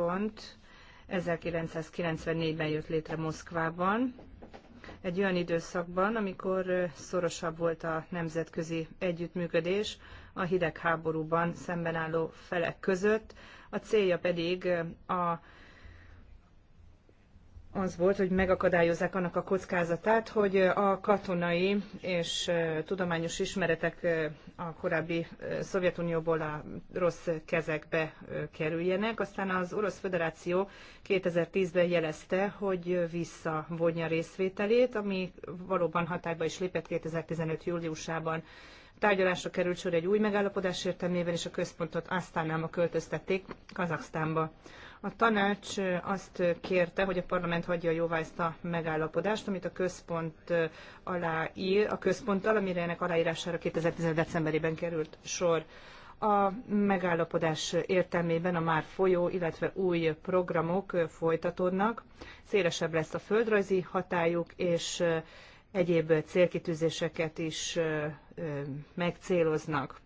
központ 1994-ben jött létre Moszkvában, egy olyan időszakban, amikor szorosabb volt a nemzetközi együttműködés a hidegháborúban szemben álló felek között, a célja pedig a az volt, hogy megakadályozzák annak a kockázatát, hogy a katonai és tudományos ismeretek a korábbi Szovjetunióból a rossz kezekbe kerüljenek. Aztán az Orosz Föderáció 2010-ben jelezte, hogy visszavonja részvételét, ami valóban hatályba is lépett 2015. júliusában. Tárgyalásra került sor egy új megállapodás értelmében, és a központot aztán a költöztették Kazaksztánba. A tanács azt kérte, hogy a parlament hagyja jóvá ezt a megállapodást, amit a központ aláír, a központtal, amire ennek aláírására 2010. decemberében került sor. A megállapodás értelmében a már folyó, illetve új programok folytatódnak. Szélesebb lesz a földrajzi hatályuk, és egyéb célkitűzéseket is megcéloznak.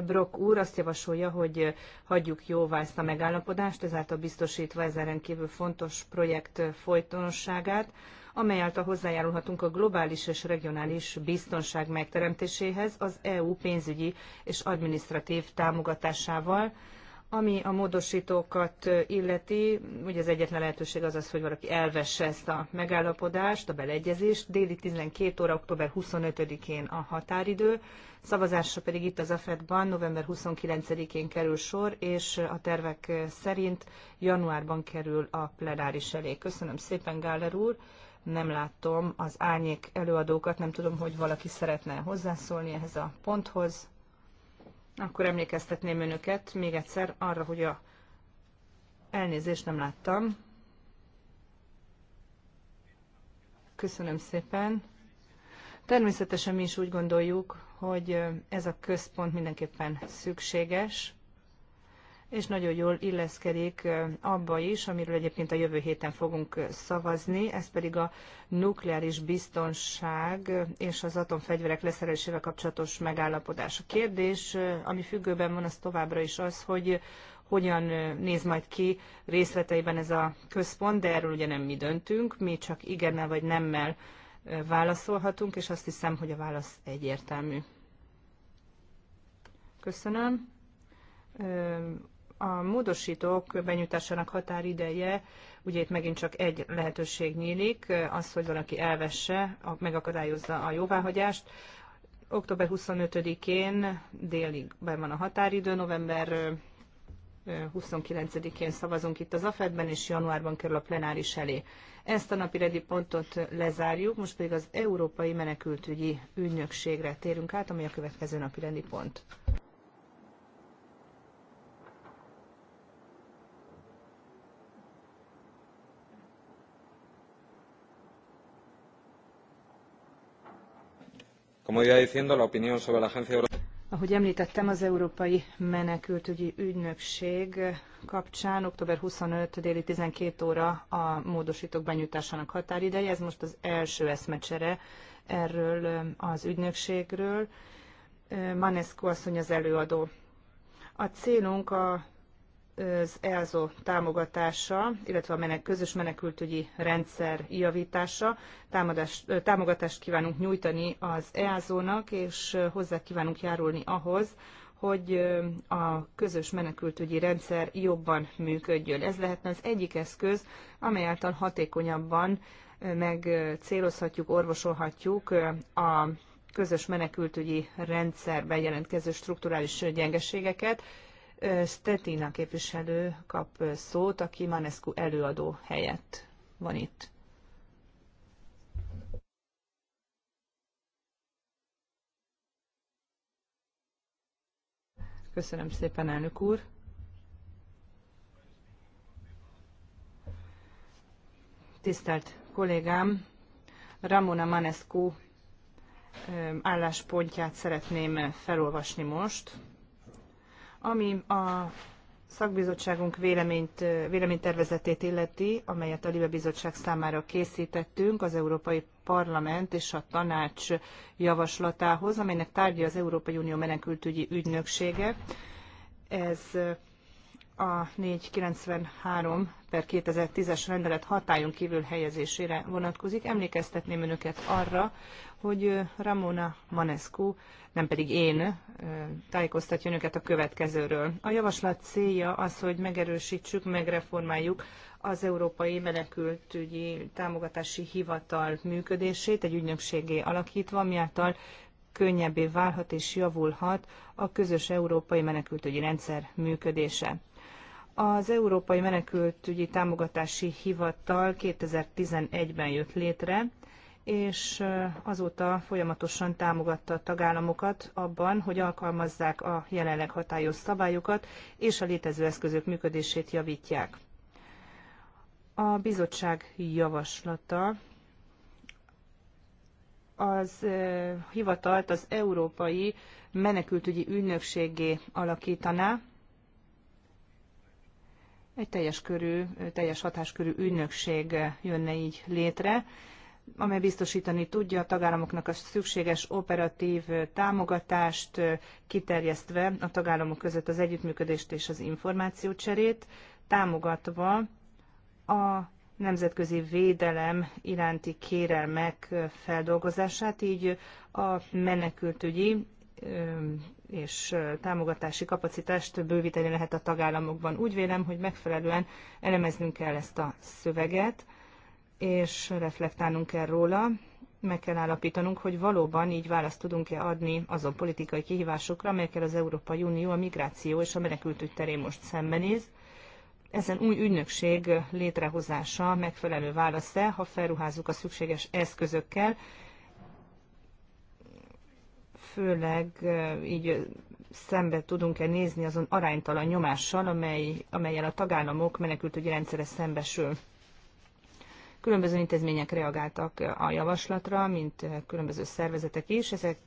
Brock úr azt javasolja, hogy hagyjuk jóvá ezt a megállapodást, ezáltal biztosítva ezen rendkívül fontos projekt folytonosságát, amely által hozzájárulhatunk a globális és regionális biztonság megteremtéséhez az EU pénzügyi és adminisztratív támogatásával, ami a módosítókat illeti, ugye az egyetlen lehetőség az az, hogy valaki elvesse ezt a megállapodást, a beleegyezést. Déli 12 óra, október 25-én a határidő, szavazásra pedig itt az AFED-ban november 29-én kerül sor, és a tervek szerint januárban kerül a plenáris elé. Köszönöm szépen, Gáler úr! Nem látom az árnyék előadókat, nem tudom, hogy valaki szeretne hozzászólni ehhez a ponthoz akkor emlékeztetném önöket még egyszer arra, hogy a elnézést nem láttam. Köszönöm szépen. Természetesen mi is úgy gondoljuk, hogy ez a központ mindenképpen szükséges, és nagyon jól illeszkedik abba is, amiről egyébként a jövő héten fogunk szavazni, ez pedig a nukleáris biztonság és az atomfegyverek leszerelésével kapcsolatos megállapodás. A kérdés, ami függőben van, az továbbra is az, hogy hogyan néz majd ki részleteiben ez a központ, de erről ugye nem mi döntünk, mi csak igennel vagy nemmel válaszolhatunk, és azt hiszem, hogy a válasz egyértelmű. Köszönöm a módosítók benyújtásának határideje, ugye itt megint csak egy lehetőség nyílik, az, hogy valaki elvesse, megakadályozza a jóváhagyást. Október 25-én délig be van a határidő, november 29-én szavazunk itt az AFED-ben, és januárban kerül a plenáris elé. Ezt a redi pontot lezárjuk, most pedig az Európai Menekültügyi Ügynökségre térünk át, ami a következő redi pont. Ahogy említettem, az Európai Menekültügyi Ügynökség kapcsán október 25 déli 12 óra a módosítók benyújtásának határideje. Ez most az első eszmecsere erről az ügynökségről. Manescu asszony az előadó. A célunk a az ELZO támogatása, illetve a menek, közös menekültügyi rendszer javítása. Támadás, támogatást kívánunk nyújtani az EASO-nak, és hozzá kívánunk járulni ahhoz, hogy a közös menekültügyi rendszer jobban működjön. Ez lehetne az egyik eszköz, amely által hatékonyabban megcélozhatjuk, orvosolhatjuk a közös menekültügyi rendszerben jelentkező strukturális gyengeségeket, Stetina képviselő kap szót, aki Manescu előadó helyett van itt. Köszönöm szépen, elnök úr. Tisztelt kollégám, Ramona Manescu álláspontját szeretném felolvasni most. Ami a szakbizottságunk véleményt, véleménytervezetét illeti, amelyet a Libe Bizottság számára készítettünk az Európai Parlament és a Tanács javaslatához, amelynek tárgya az Európai Unió menekültügyi ügynöksége. Ez a 493 per 2010-es rendelet hatályon kívül helyezésére vonatkozik. Emlékeztetném önöket arra, hogy Ramona Manescu, nem pedig én, tájékoztatja önöket a következőről. A javaslat célja az, hogy megerősítsük, megreformáljuk az Európai Menekültügyi Támogatási Hivatal működését, egy ügynökségé alakítva, miáltal könnyebbé válhat és javulhat a közös európai menekültügyi rendszer működése. Az Európai Menekültügyi Támogatási Hivatal 2011-ben jött létre, és azóta folyamatosan támogatta a tagállamokat abban, hogy alkalmazzák a jelenleg hatályos szabályokat, és a létező eszközök működését javítják. A bizottság javaslata az hivatalt az Európai Menekültügyi Ügynökségé alakítaná, egy teljes körű, teljes hatáskörű ügynökség jönne így létre, amely biztosítani tudja a tagállamoknak a szükséges operatív támogatást, kiterjesztve a tagállamok között az együttműködést és az információcserét, támogatva a nemzetközi védelem iránti kérelmek feldolgozását, így a menekültügyi és támogatási kapacitást bővíteni lehet a tagállamokban. Úgy vélem, hogy megfelelően elemeznünk kell ezt a szöveget, és reflektálnunk kell róla, meg kell állapítanunk, hogy valóban így választ tudunk-e adni azon politikai kihívásokra, amelyekkel az Európai Unió a migráció és a menekültügy terén most szembenéz. Ezen új ügynökség létrehozása megfelelő válasz-e, ha felruházunk a szükséges eszközökkel, főleg így szembe tudunk-e nézni azon aránytalan nyomással, amely, amelyen a tagállamok menekültügyi rendszere szembesül. Különböző intézmények reagáltak a javaslatra, mint különböző szervezetek is. Ezek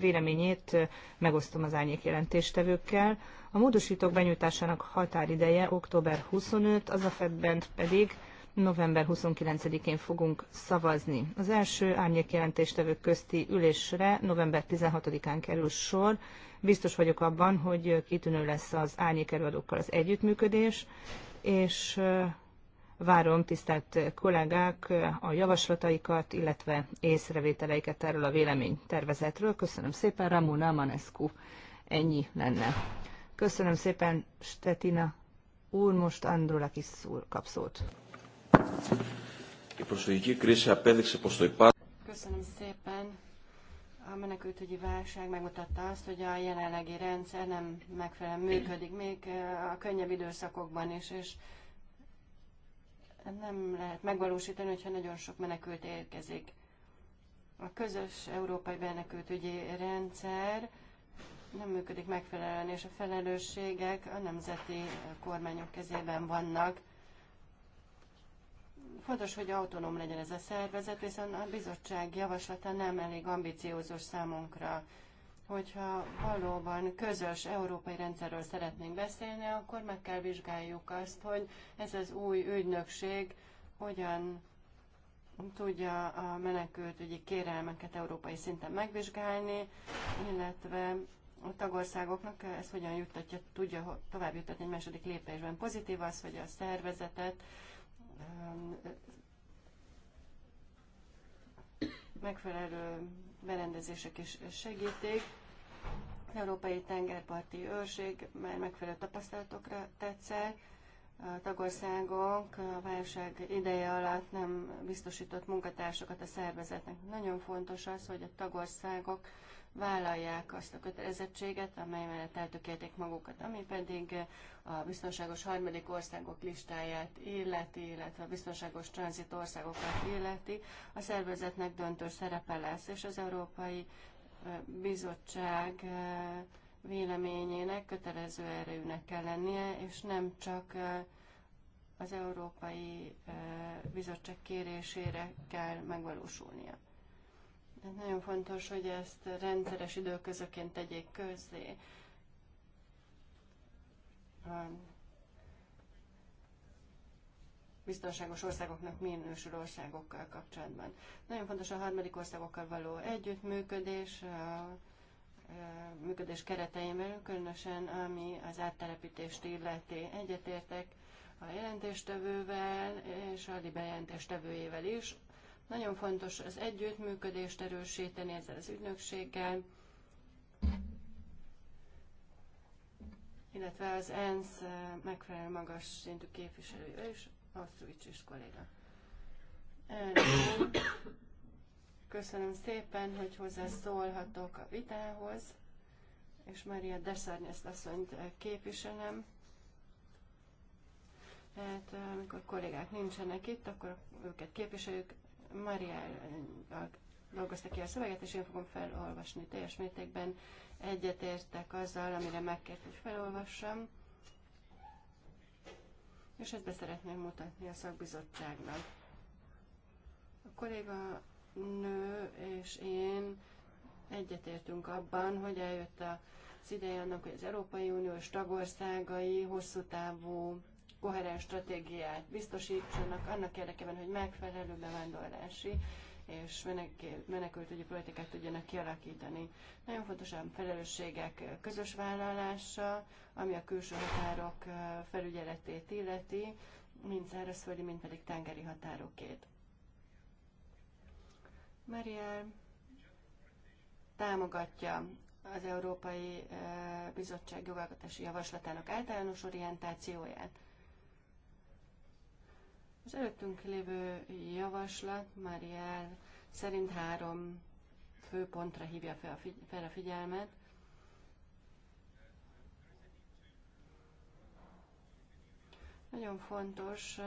véleményét megosztom az árnyék jelentéstevőkkel. A módosítók benyújtásának határideje október 25, az a fedben pedig november 29-én fogunk szavazni. Az első árnyékjelentéstevők közti ülésre november 16-án kerül sor. Biztos vagyok abban, hogy kitűnő lesz az árnyékelőadókkal az együttműködés, és várom tisztelt kollégák a javaslataikat, illetve észrevételeiket erről a véleménytervezetről. Köszönöm szépen, Ramona Manescu. Ennyi lenne. Köszönöm szépen, Stetina úr, most Andrulakis úr kap szót. Η προσφυγική κρίση απέδειξε πως το Köszönöm szépen. A menekültügyi válság megmutatta azt, hogy a jelenlegi rendszer nem megfelelően működik, még eh, a könnyebb időszakokban is, és nem lehet megvalósítani, hogyha nagyon sok menekült érkezik. A közös európai menekültügyi rendszer nem működik megfelelően, és a felelősségek a nemzeti kormányok kezében vannak. Fontos, hogy autonóm legyen ez a szervezet, viszont a bizottság javaslata nem elég ambiciózus számunkra. Hogyha valóban közös európai rendszerről szeretnénk beszélni, akkor meg kell vizsgáljuk azt, hogy ez az új ügynökség hogyan tudja a menekültügyi kérelmeket európai szinten megvizsgálni, illetve a tagországoknak ez hogyan juttatja, tudja tovább juttatni egy második lépésben. Pozitív az, hogy a szervezetet megfelelő berendezések is segítik. Európai Tengerparti Őrség már megfelelő tapasztalatokra tetszel. A tagországok a válság ideje alatt nem biztosított munkatársakat a szervezetnek. Nagyon fontos az, hogy a tagországok vállalják azt a kötelezettséget, amely mellett eltökélték magukat, ami pedig a biztonságos harmadik országok listáját illeti, illetve a biztonságos tranzit országokat illeti, a szervezetnek döntő szerepe lesz, és az Európai Bizottság véleményének kötelező erőnek kell lennie, és nem csak az Európai Bizottság kérésére kell megvalósulnia. Tehát nagyon fontos, hogy ezt rendszeres időközöként tegyék közzé. A biztonságos országoknak minősülő országokkal kapcsolatban. Nagyon fontos a harmadik országokkal való együttműködés, a működés keretein belül, különösen ami az áttelepítést illeti. Egyetértek a jelentéstevővel és a libe jelentéstevőjével is, nagyon fontos az együttműködést erősíteni ezzel az ügynökséggel, illetve az ENSZ eh, megfelelő magas szintű képviselője is, Osztrovics is kolléga. Köszönöm szépen, hogy hozzászólhatok a vitához, és Maria Deszárnyeszt asszonyt eh, képviselem. Tehát eh, amikor kollégák nincsenek itt, akkor őket képviseljük. Maria dolgozta ki a szöveget, és én fogom felolvasni. Teljes mértékben egyetértek azzal, amire megkért, hogy felolvassam. És ezt be szeretném mutatni a szakbizottságnak. A kolléga nő és én egyetértünk abban, hogy eljött az ideje annak, hogy az Európai Uniós tagországai hosszú távú koherens stratégiát biztosítsanak annak érdekében, hogy megfelelő bevándorlási és menekültügyi politikát tudjanak kialakítani. Nagyon fontos a felelősségek közös vállalása, ami a külső határok felügyeletét illeti, mint szárazföldi, mind pedig tengeri határokét. Mariel támogatja az Európai Bizottság jogalkotási javaslatának általános orientációját. Az előttünk lévő javaslat Mariel szerint három fő pontra hívja fel a, figy- fel a figyelmet. Nagyon fontos a,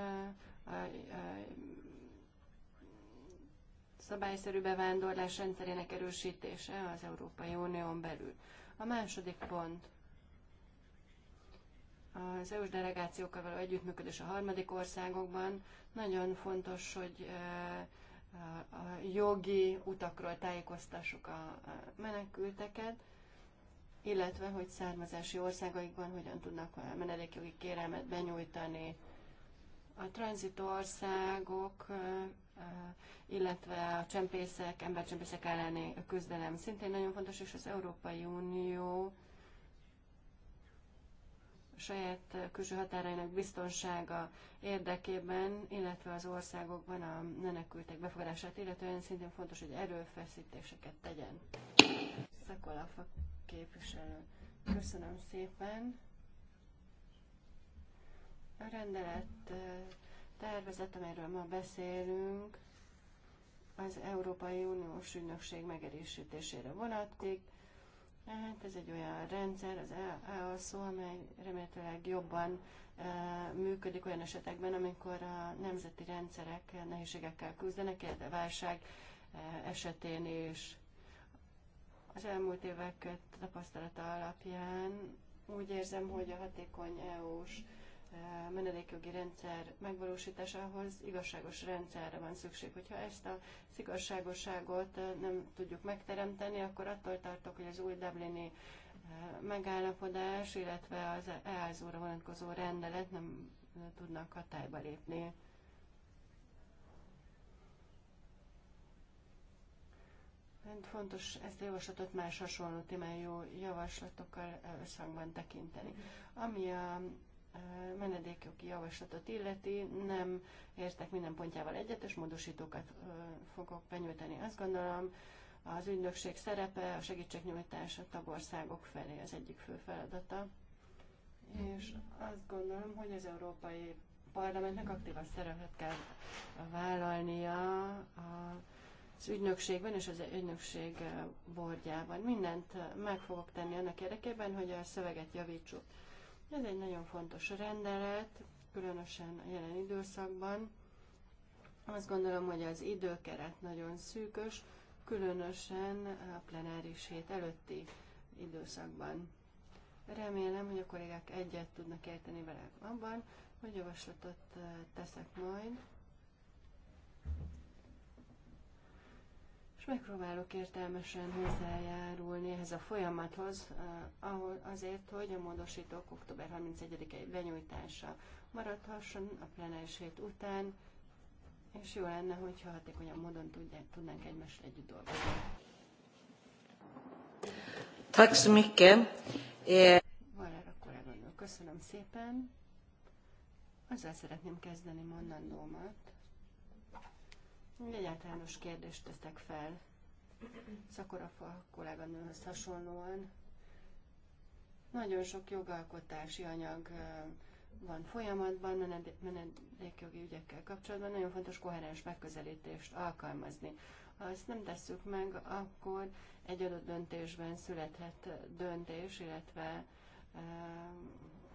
szabályszerű bevándorlás rendszerének erősítése az Európai Unión belül. A második pont az EU-s delegációkkal való együttműködés a harmadik országokban. Nagyon fontos, hogy a jogi utakról tájékoztassuk a menekülteket, illetve hogy származási országaikban hogyan tudnak a menedékjogi kérelmet benyújtani. A országok, illetve a csempészek, embercsempészek elleni küzdelem szintén nagyon fontos, és az Európai Unió saját külső határainak biztonsága érdekében, illetve az országokban a menekültek befogadását, illetően szintén fontos, hogy erőfeszítéseket tegyen. Szakolafa képviselő. Köszönöm szépen. A rendelet tervezet, amelyről ma beszélünk, az Európai Uniós Ügynökség megerősítésére vonatkozik Hát ez egy olyan rendszer, az EASZO, amely remélhetőleg jobban e, működik olyan esetekben, amikor a nemzeti rendszerek nehézségekkel küzdenek, illetve válság e, esetén is. Az elmúlt évek tapasztalata alapján úgy érzem, hogy a hatékony EU-s menedékjogi rendszer megvalósításához igazságos rendszerre van szükség. Hogyha ezt a igazságosságot eh, nem tudjuk megteremteni, akkor attól tartok, hogy az új Dublini eh, megállapodás, illetve az easz ra vonatkozó rendelet nem eh, tudnak hatályba lépni. Fontos ezt a javaslatot más hasonló témájú javaslatokkal összhangban tekinteni. Ami a menedékjogi javaslatot illeti, nem értek minden pontjával egyet, és módosítókat fogok benyújtani. Azt gondolom, az ügynökség szerepe, a segítségnyújtás a tagországok felé az egyik fő feladata. És azt gondolom, hogy az Európai Parlamentnek aktívan szerepet kell vállalnia a az ügynökségben és az ügynökség bordjában. Mindent meg fogok tenni annak érdekében, hogy a szöveget javítsuk. Ez egy nagyon fontos rendelet, különösen a jelen időszakban. Azt gondolom, hogy az időkeret nagyon szűkös, különösen a plenáris hét előtti időszakban. Remélem, hogy a kollégák egyet tudnak érteni velem abban, hogy javaslatot eh, teszek majd és megpróbálok értelmesen hozzájárulni ehhez a folyamathoz, eh, ahol azért, hogy a módosítók október 31-i benyújtása maradhasson a plenáris hét után, és jó lenne, hogyha hatékonyabb módon tudják, tudnánk egymással együtt dolgozni. Eh, köszönöm szépen. Azzal szeretném kezdeni mondandómat, egy egyáltalános kérdést teszek fel. Szakorafa kolléganőhöz hasonlóan nagyon sok jogalkotási anyag van folyamatban, menedékjogi ügyekkel kapcsolatban nagyon fontos koherens megközelítést alkalmazni. Ha ezt nem tesszük meg, akkor egy adott döntésben születhet döntés, illetve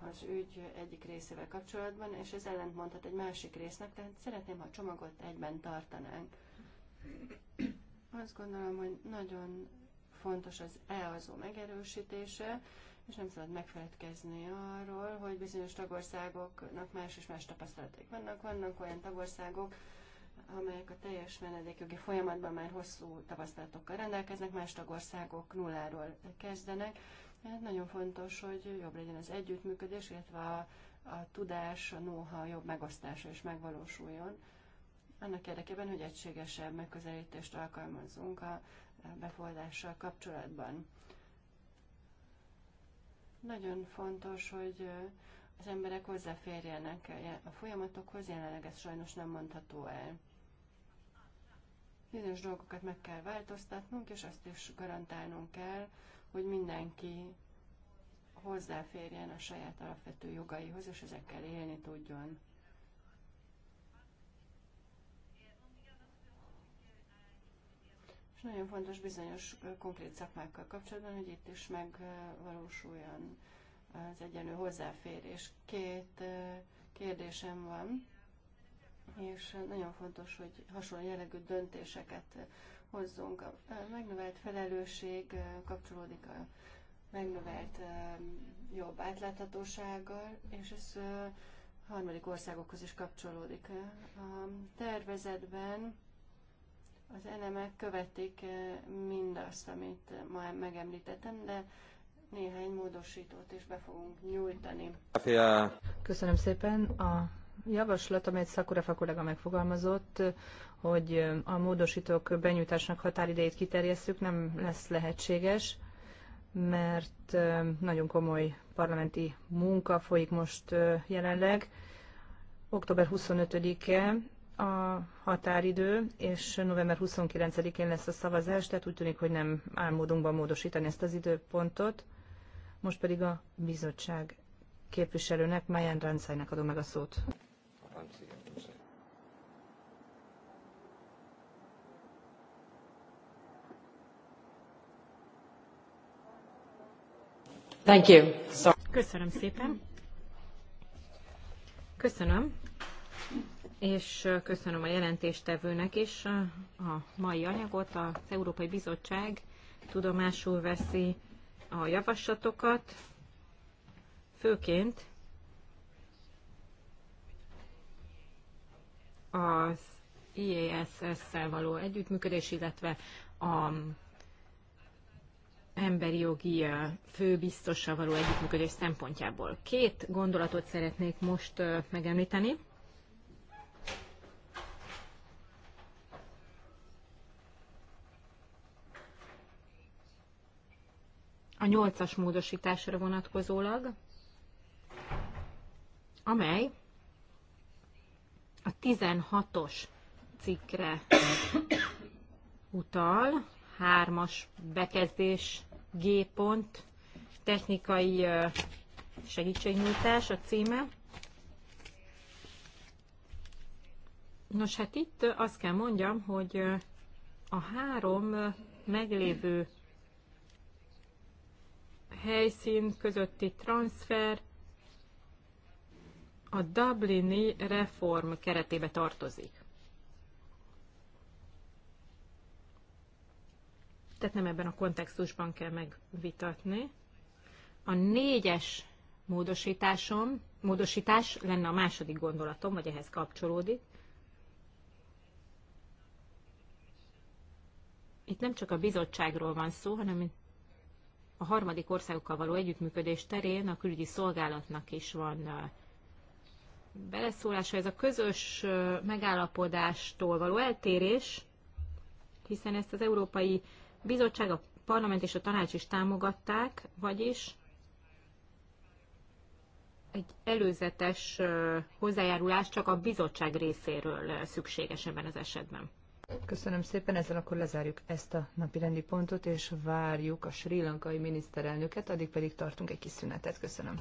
az ügy egyik részével kapcsolatban, és ez ellentmondhat egy másik résznek, tehát szeretném, ha a csomagot egyben tartanánk. Azt gondolom, hogy nagyon fontos az EAZO megerősítése, és nem szabad megfeledkezni arról, hogy bizonyos tagországoknak más és más tapasztalataik vannak. Vannak olyan tagországok, amelyek a teljes menedékjogi folyamatban már hosszú tapasztalatokkal rendelkeznek, más tagországok nulláról kezdenek mert nagyon fontos, hogy jobb legyen az együttműködés, illetve a, a tudás, a know-how jobb megosztása is megvalósuljon. Annak érdekében, hogy egységesebb megközelítést alkalmazzunk a befordással kapcsolatban. Nagyon fontos, hogy az emberek hozzáférjenek e, a folyamatokhoz, jelenleg ez sajnos nem mondható el. Bizonyos dolgokat meg kell változtatnunk, és azt is garantálnunk kell, hogy mindenki hozzáférjen a saját alapvető jogaihoz, és ezekkel élni tudjon. És nagyon fontos bizonyos konkrét szakmákkal kapcsolatban, hogy itt is megvalósuljon az egyenlő hozzáférés. Két kérdésem van, és nagyon fontos, hogy hasonló jellegű döntéseket hozzunk. A megnövelt felelősség kapcsolódik a megnövelt jobb átláthatósággal, és ez harmadik országokhoz is kapcsolódik. A tervezetben az elemek követik mindazt, amit ma megemlítettem, de néhány módosítót is be fogunk nyújtani. Köszönöm szépen. A javaslat, amelyet Szakura Fakulega megfogalmazott, hogy a módosítók benyújtásnak határidejét kiterjesszük, nem lesz lehetséges, mert nagyon komoly parlamenti munka folyik most jelenleg. Október 25-e a határidő, és november 29-én lesz a szavazás, tehát úgy tűnik, hogy nem álmodunkban módosítani ezt az időpontot. Most pedig a bizottság képviselőnek, Mayan Ranszájnak adom meg a szót. Köszönöm. Köszönöm szépen. Köszönöm. És köszönöm a jelentéstevőnek is a mai anyagot. Az Európai Bizottság tudomásul veszi a javaslatokat, főként az IASS-szel való együttműködés, illetve a emberi jogi főbiztossal való együttműködés szempontjából. Két gondolatot szeretnék most megemlíteni. A nyolcas módosításra vonatkozólag, amely a 16-os cikkre utal, hármas bekezdés G pont, technikai segítségnyújtás a címe. Nos, hát itt azt kell mondjam, hogy a három meglévő helyszín közötti transfer a Dublini reform keretébe tartozik. tehát nem ebben a kontextusban kell megvitatni. A négyes módosításom, módosítás lenne a második gondolatom, vagy ehhez kapcsolódik. Itt nem csak a bizottságról van szó, hanem a harmadik országokkal való együttműködés terén a külügyi szolgálatnak is van beleszólása. Ez a közös megállapodástól való eltérés, hiszen ezt az európai bizottság, a parlament és a tanács is támogatták, vagyis egy előzetes hozzájárulás csak a bizottság részéről szükséges ebben az esetben. Köszönöm szépen, ezzel akkor lezárjuk ezt a napi rendi pontot, és várjuk a sri lankai miniszterelnöket, addig pedig tartunk egy kis szünetet. Köszönöm.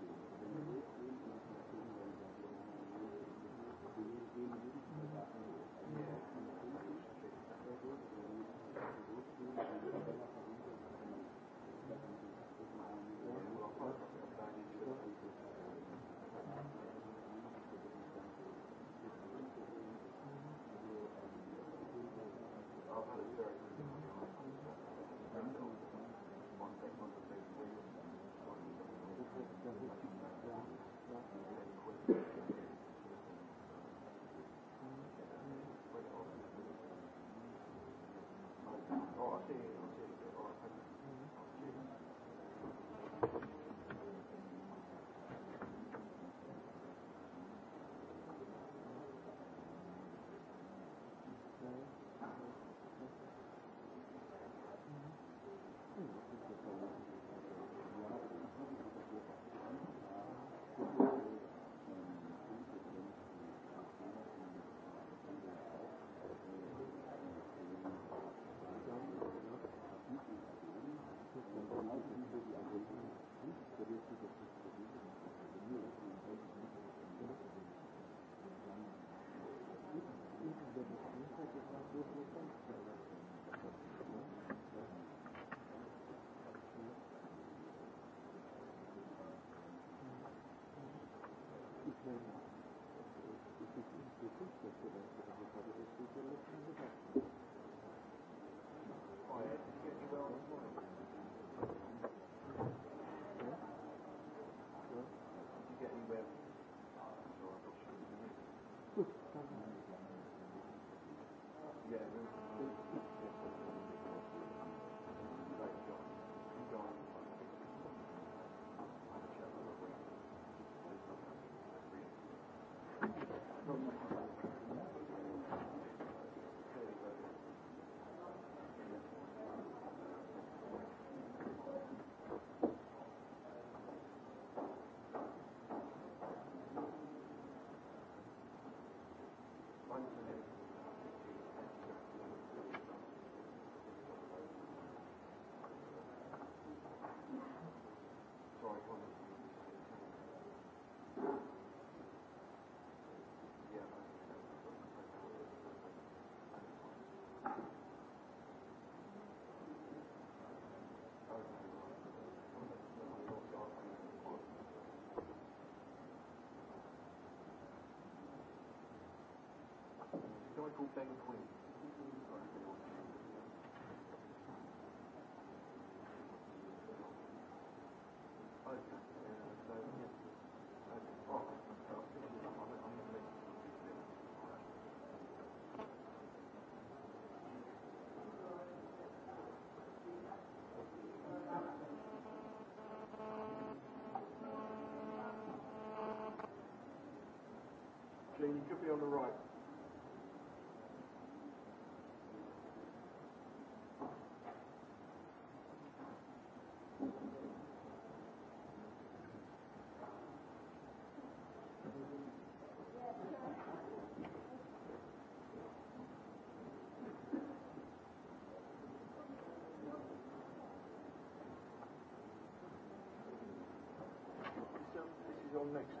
historical banquet. Okay. you could be on the right. on next?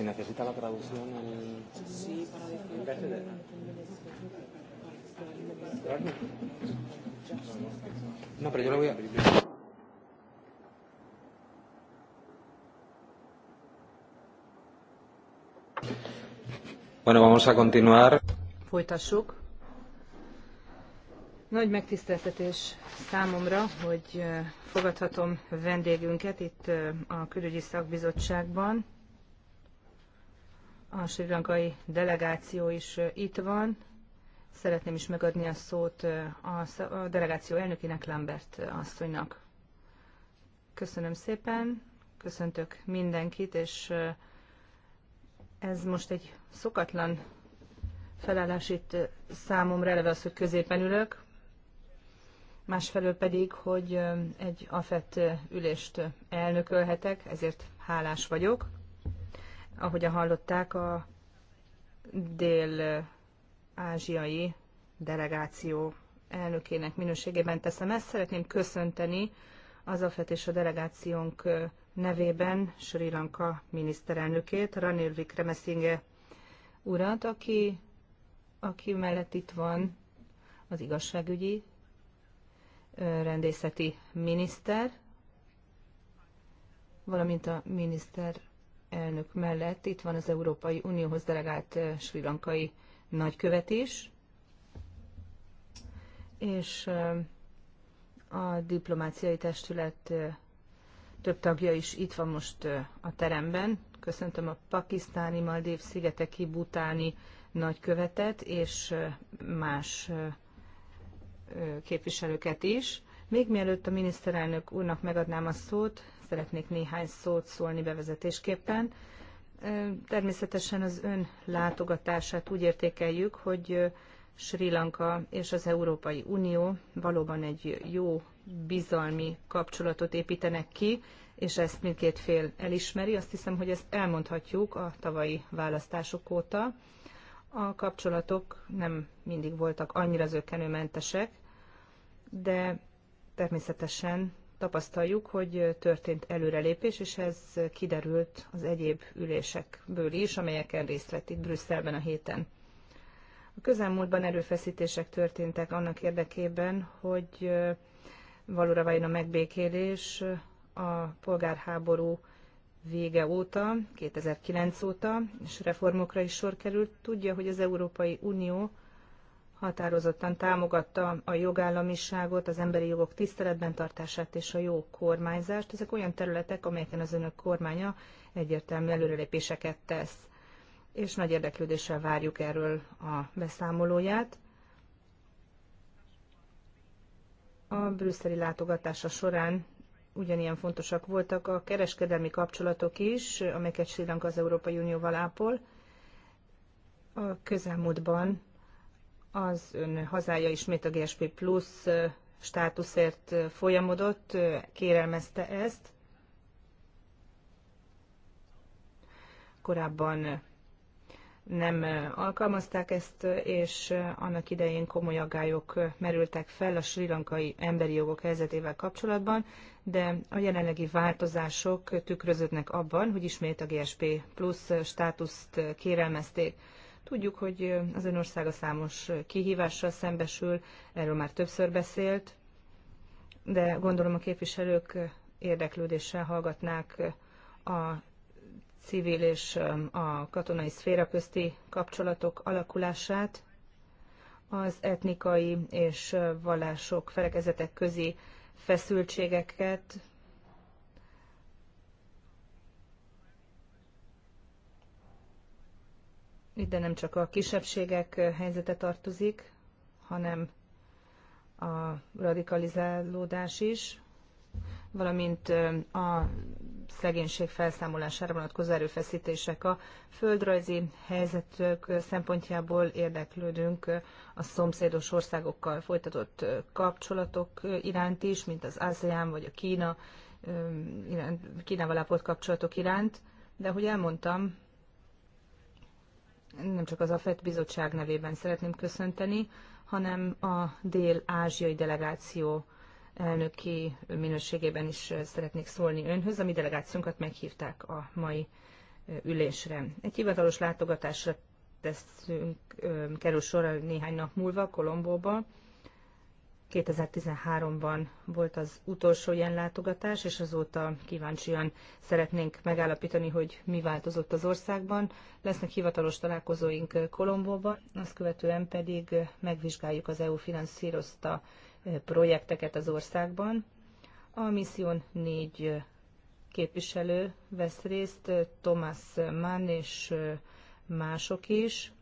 Si necesita la traducción en... Sí, para decir... No, pero yo lo voy a... Bueno, vamos a continuar. Folytassuk. Nagy megtiszteltetés számomra, hogy eh, fogadhatom vendégünket itt eh, a Külügyi Szakbizottságban a sri delegáció is itt van. Szeretném is megadni a szót a delegáció elnökének, Lambert asszonynak. Köszönöm szépen, köszöntök mindenkit, és ez most egy szokatlan felállás itt számomra, eleve az, hogy középen ülök, másfelől pedig, hogy egy afett ülést elnökölhetek, ezért hálás vagyok. Ahogyan hallották, a dél-ázsiai delegáció elnökének minőségében teszem ezt. Szeretném köszönteni az AFET és a delegációnk nevében Sri Lanka miniszterelnökét, Ranil Wickremesinghe urat, aki, aki mellett itt van az igazságügyi rendészeti miniszter, valamint a miniszter elnök mellett itt van az Európai Unióhoz delegált eh, Sri Lankai nagykövet is, és eh, a diplomáciai testület eh, több tagja is itt van most a teremben. Köszöntöm a pakisztáni, Maldív, szigeteki, butáni nagykövetet és más képviselőket is. Még mielőtt a miniszterelnök úrnak megadnám a szót, szeretnék néhány szót szólni bevezetésképpen. Természetesen az ön látogatását úgy értékeljük, hogy Sri Lanka és az Európai Unió valóban egy jó bizalmi kapcsolatot építenek ki, és ezt mindkét fél elismeri. Azt hiszem, hogy ezt elmondhatjuk a tavalyi választások óta. A kapcsolatok nem mindig voltak annyira zökkenőmentesek, de természetesen tapasztaljuk, hogy történt előrelépés, és ez kiderült az egyéb ülésekből is, amelyeken részt vett itt Brüsszelben a héten. A közelmúltban erőfeszítések történtek annak érdekében, hogy valóra váljon a megbékélés a polgárháború vége óta, 2009 óta, és reformokra is sor került. Tudja, hogy az Európai Unió határozottan támogatta a jogállamiságot, az emberi jogok tiszteletben tartását és a jó kormányzást. Ezek olyan területek, amelyeken az önök kormánya egyértelmű előrelépéseket tesz. És nagy érdeklődéssel várjuk erről a beszámolóját. A brüsszeli látogatása során ugyanilyen fontosak voltak a kereskedelmi kapcsolatok is, amelyeket Sri Lanka az Európai Unióval ápol. A közelmúltban az ön hazája ismét a GSP Plus státuszért folyamodott, kérelmezte ezt. Korábban nem alkalmazták ezt, és annak idején komoly aggályok merültek fel a sri lankai emberi jogok helyzetével kapcsolatban, de a jelenlegi változások tükröződnek abban, hogy ismét a GSP Plus státuszt kérelmezték. Tudjuk, hogy az ön országa számos kihívással szembesül, erről már többször beszélt, de gondolom a képviselők érdeklődéssel hallgatnák a civil és a katonai szféra közti kapcsolatok alakulását, az etnikai és vallások, felekezetek közi feszültségeket, Ide nem csak a kisebbségek helyzete tartozik, hanem a radikalizálódás is, valamint a szegénység felszámolására vonatkozó erőfeszítések. A földrajzi helyzetök szempontjából érdeklődünk a szomszédos országokkal folytatott kapcsolatok iránt is, mint az ASEAN vagy a Kína, Kínával ápolt kapcsolatok iránt, de ahogy elmondtam, nem csak az AFET bizottság nevében szeretném köszönteni, hanem a dél-ázsiai delegáció elnöki minőségében is szeretnék szólni önhöz. A mi delegációnkat meghívták a mai ülésre. Egy hivatalos látogatásra teszünk, kerül sor néhány nap múlva Kolombóba, 2013-ban volt az utolsó ilyen látogatás, és azóta kíváncsian szeretnénk megállapítani, hogy mi változott az országban. Lesznek hivatalos találkozóink Kolombóban, azt követően pedig megvizsgáljuk az EU finanszírozta eh, projekteket az országban. A misszión négy eh, képviselő vesz részt, eh, Thomas Mann és mások is.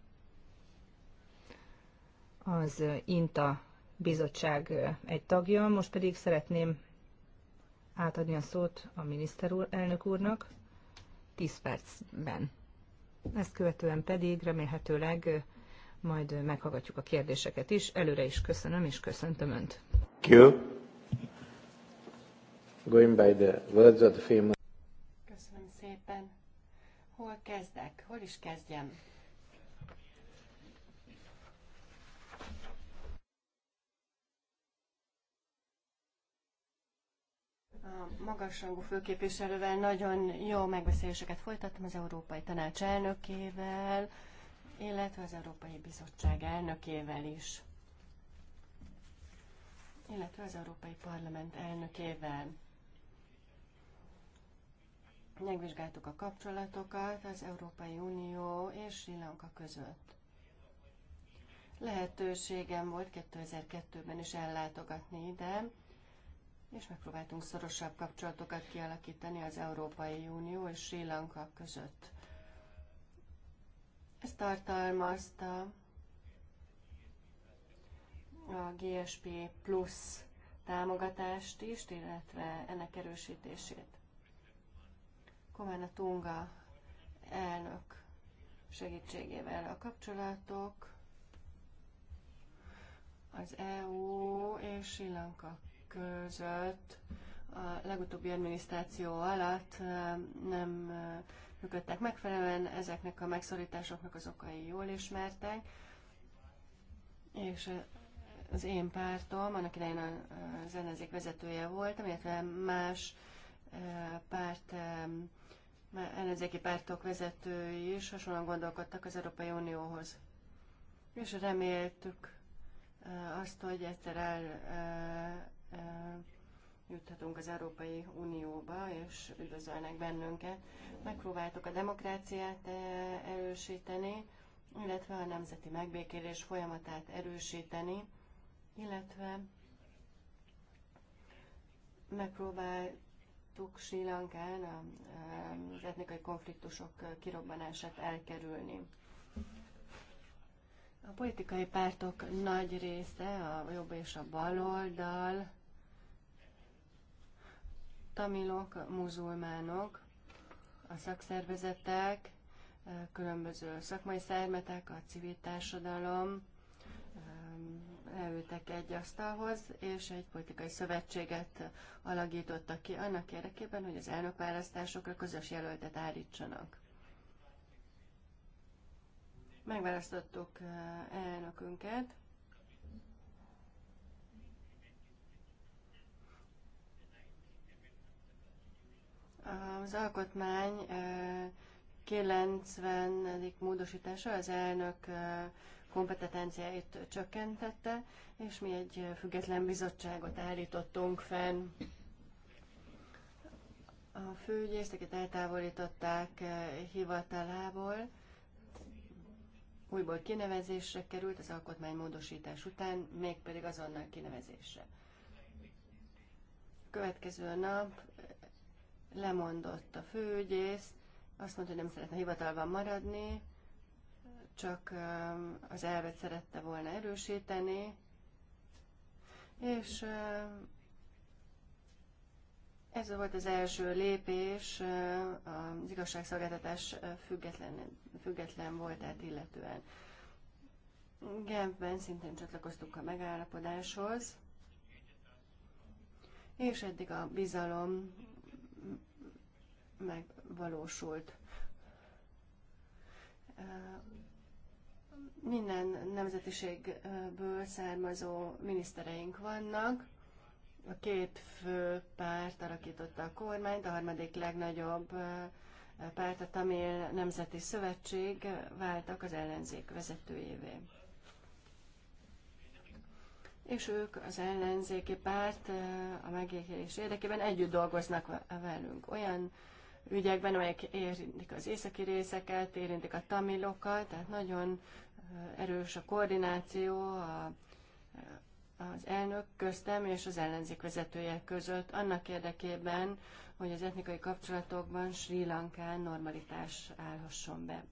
Az INTA bizottság egy tagja. Most pedig szeretném átadni a szót a miniszter úr, elnök úrnak 10 percben. Ezt követően pedig remélhetőleg majd meghallgatjuk a kérdéseket is. Előre is köszönöm, és köszöntöm Önt. Going by the words of the Köszönöm szépen. Hol kezdek? Hol is kezdjem? A magasrangú főképviselővel nagyon jó megbeszéléseket folytattam az Európai Tanács elnökével, illetve az Európai Bizottság elnökével is, illetve az Európai Parlament elnökével. Megvizsgáltuk a kapcsolatokat az Európai Unió és Sri Lanka között. Lehetőségem volt 2002-ben is ellátogatni ide, és megpróbáltunk szorosabb kapcsolatokat kialakítani az Európai Unió és Sri Lanka között. Ez tartalmazta a GSP plusz támogatást is, illetve ennek erősítését. Komána Tunga elnök segítségével a kapcsolatok az EU és Sri Lanka között a legutóbbi adminisztráció alatt nem működtek megfelelően, ezeknek a megszorításoknak az okai jól ismertek, és az én pártom, annak idején az ellenzék vezetője voltam, illetve más párt, ellenzéki pártok vezetői is hasonlóan gondolkodtak az Európai Unióhoz. És reméltük azt, hogy egyszer el juthatunk az Európai Unióba, és üdvözölnek bennünket. Megpróbáltuk a demokráciát erősíteni, illetve a nemzeti megbékélés folyamatát erősíteni, illetve megpróbáltuk Sri Lankán az etnikai konfliktusok kirobbanását elkerülni. A politikai pártok nagy része, a jobb és a baloldal tamilok, muzulmánok, a szakszervezetek, különböző szakmai szermetek, a civil társadalom leültek egy asztalhoz, és egy politikai szövetséget alakítottak ki annak érdekében, hogy az elnökválasztásokra közös jelöltet állítsanak. Megválasztottuk elnökünket, Az alkotmány 90. módosítása az elnök kompetenciáit csökkentette, és mi egy független bizottságot állítottunk fenn. A főügyészeket eltávolították hivatalából, újból kinevezésre került az alkotmánymódosítás után, mégpedig azonnal kinevezésre. Következő nap lemondott a főügyész, azt mondta, hogy nem szeretne hivatalban maradni, csak az elvet szerette volna erősíteni, és ez volt az első lépés az igazságszolgáltatás független, független voltát illetően. Genfben szintén csatlakoztunk a megállapodáshoz, és eddig a bizalom megvalósult. Minden nemzetiségből származó minisztereink vannak. A két fő párt alakította a kormányt, a harmadik legnagyobb párt, a Tamil Nemzeti Szövetség váltak az ellenzék vezetőjévé. És ők az ellenzéki párt a megékelés érdekében együtt dolgoznak velünk. Olyan ügyekben, amelyek érintik az északi részeket, érintik a tamilokat, tehát nagyon erős a koordináció a, az elnök köztem és az ellenzék vezetője között, annak érdekében, hogy az etnikai kapcsolatokban Sri Lankán normalitás állhasson be.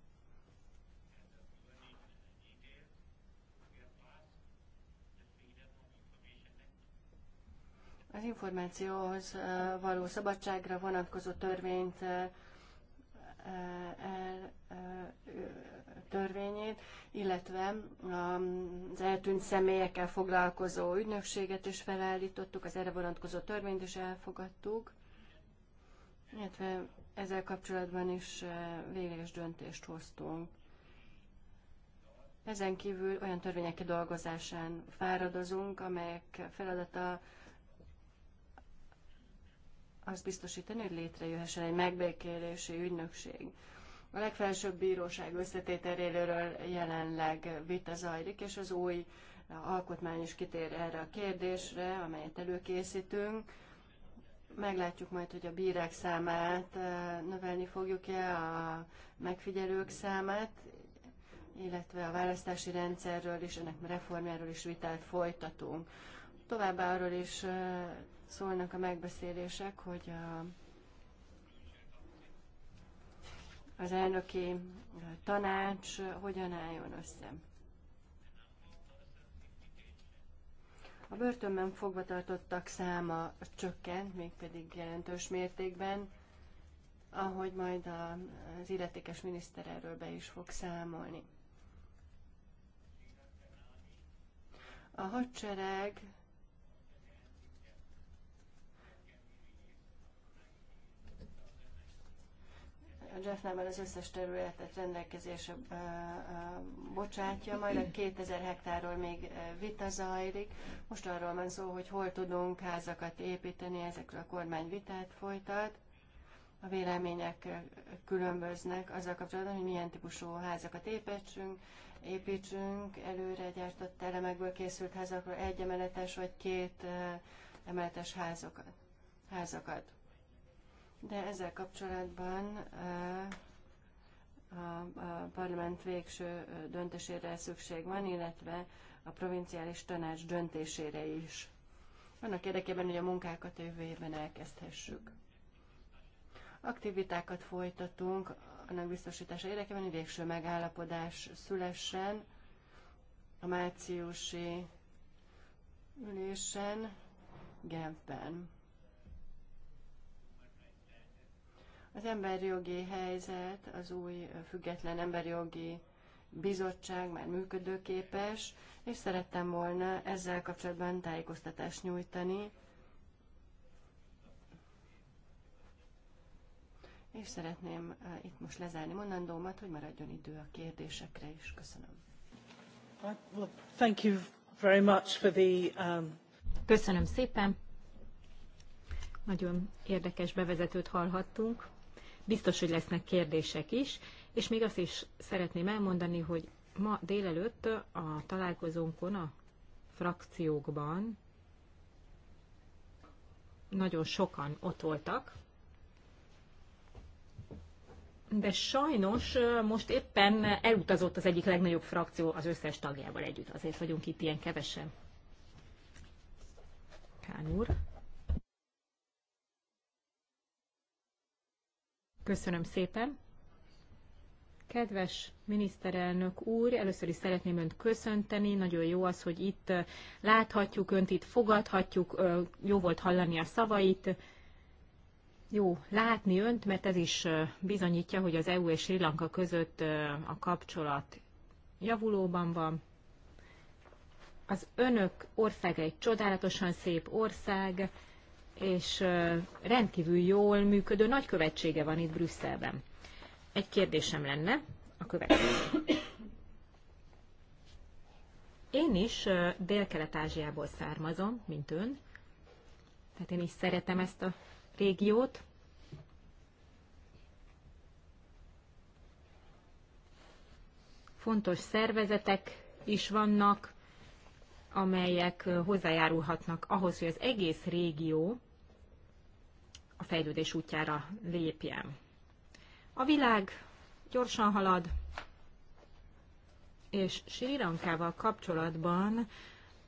Az információhoz való szabadságra vonatkozó törvényt törvényét, illetve az eltűnt személyekkel foglalkozó ügynökséget is felállítottuk, az erre vonatkozó törvényt is elfogadtuk, illetve ezzel kapcsolatban is végleges döntést hoztunk. Ezen kívül olyan törvények kidolgozásán fáradozunk, amelyek feladata azt biztosítani, hogy létrejöhessen egy megbékélési ügynökség. A legfelsőbb bíróság összetételéről jelenleg vita zajlik, és az új alkotmány is kitér erre a kérdésre, amelyet előkészítünk. Meglátjuk majd, hogy a bírák számát eh, növelni fogjuk-e, a megfigyelők számát, illetve a választási rendszerről is, ennek reformjáról is vitát folytatunk. Továbbá arról is eh, szólnak a megbeszélések, hogy a, az elnöki tanács hogyan álljon össze. A börtönben fogvatartottak száma csökkent, mégpedig jelentős mértékben, ahogy majd az illetékes miniszter erről be is fog számolni. A hadsereg a Nevel az összes területet rendelkezésre bocsátja, majd a 2000 hektárról még vita zajlik. Most arról van szó, hogy hol tudunk házakat építeni, ezekről a kormány vitát folytat. A vélemények különböznek azzal kapcsolatban, hogy milyen típusú házakat építsünk, építsünk előre gyártott elemekből készült házakról egy emeletes vagy két emeletes házokat. házakat de ezzel kapcsolatban a parlament végső döntésére szükség van, illetve a provinciális tanács döntésére is. Annak érdekében, hogy a munkákat jövő évben elkezdhessük. Aktivitákat folytatunk annak biztosítása érdekében, hogy végső megállapodás szülessen a márciusi ülésen Genfben. Az emberjogi helyzet, az új független emberjogi bizottság már működőképes, és szerettem volna ezzel kapcsolatban tájékoztatást nyújtani. És szeretném eh, itt most lezárni mondandómat, hogy maradjon idő a kérdésekre is. Köszönöm. Thank you very much for the, um... Köszönöm szépen. Nagyon érdekes bevezetőt hallhattunk. Biztos, hogy lesznek kérdések is, és még azt is szeretném elmondani, hogy ma délelőtt a találkozónkon a frakciókban nagyon sokan ott voltak, de sajnos most éppen elutazott az egyik legnagyobb frakció az összes tagjával együtt. Azért vagyunk itt ilyen kevesen. Kán úr. Köszönöm szépen. Kedves miniszterelnök úr, először is szeretném Önt köszönteni. Nagyon jó az, hogy itt láthatjuk Önt, itt fogadhatjuk. Jó volt hallani a szavait. Jó látni Önt, mert ez is bizonyítja, hogy az EU és Sri Lanka között a kapcsolat javulóban van. Az Önök ország egy csodálatosan szép ország és rendkívül jól működő nagykövetsége van itt Brüsszelben. Egy kérdésem lenne a következő. Én is Dél-Kelet-Ázsiából származom, mint ön, tehát én is szeretem ezt a régiót. Fontos szervezetek is vannak, amelyek hozzájárulhatnak ahhoz, hogy az egész régió a fejlődés útjára lépjem. A világ gyorsan halad, és Sri Lankával kapcsolatban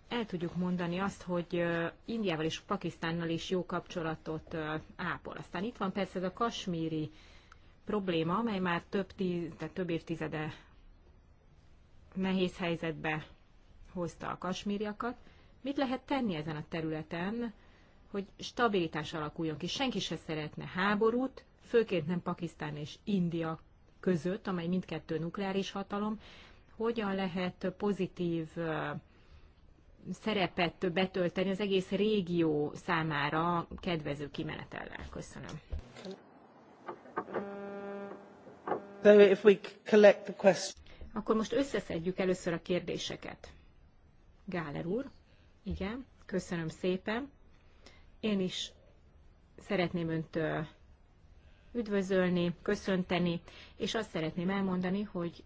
el tudjuk mondani azt, hogy Indiával és Pakisztánnal is jó kapcsolatot ápol. Aztán itt van persze ez a kasmíri probléma, amely már több, tíz, tehát több évtizede nehéz helyzetbe hozta a kasmíriakat. Mit lehet tenni ezen a területen hogy stabilitás alakuljon ki. Senki se szeretne háborút, főként nem Pakisztán és India között, amely mindkettő nukleáris hatalom. Hogyan lehet pozitív szerepet betölteni az egész régió számára kedvező kimenetellel? Köszönöm. So if we collect the question. Akkor most összeszedjük először a kérdéseket. Gáler úr, igen, köszönöm szépen. Én is szeretném Önt üdvözölni, köszönteni, és azt szeretném elmondani, hogy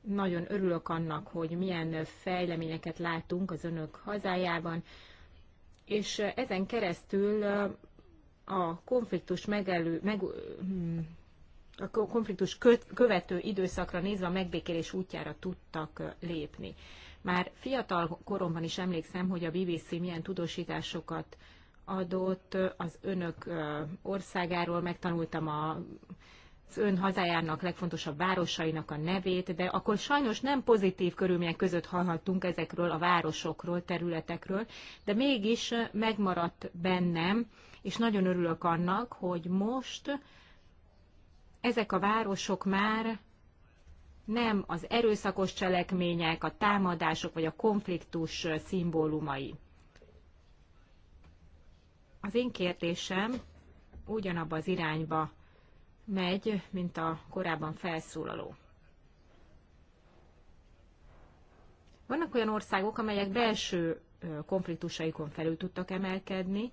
nagyon örülök annak, hogy milyen fejleményeket látunk az Önök hazájában, és ezen keresztül a konfliktus megelő, meg, mm, a konfliktus követő időszakra nézve a megbékélés útjára tudtak lépni. Már fiatal koromban is emlékszem, hogy a BBC milyen tudósításokat adott az önök országáról, megtanultam a az ön hazájának legfontosabb városainak a nevét, de akkor sajnos nem pozitív körülmények között hallhattunk ezekről a városokról, területekről, de mégis megmaradt bennem, és nagyon örülök annak, hogy most ezek a városok már nem az erőszakos cselekmények, a támadások vagy a konfliktus szimbólumai. Az én kérdésem ugyanabba az irányba megy, mint a korábban felszólaló. Vannak olyan országok, amelyek belső konfliktusaikon felül tudtak emelkedni.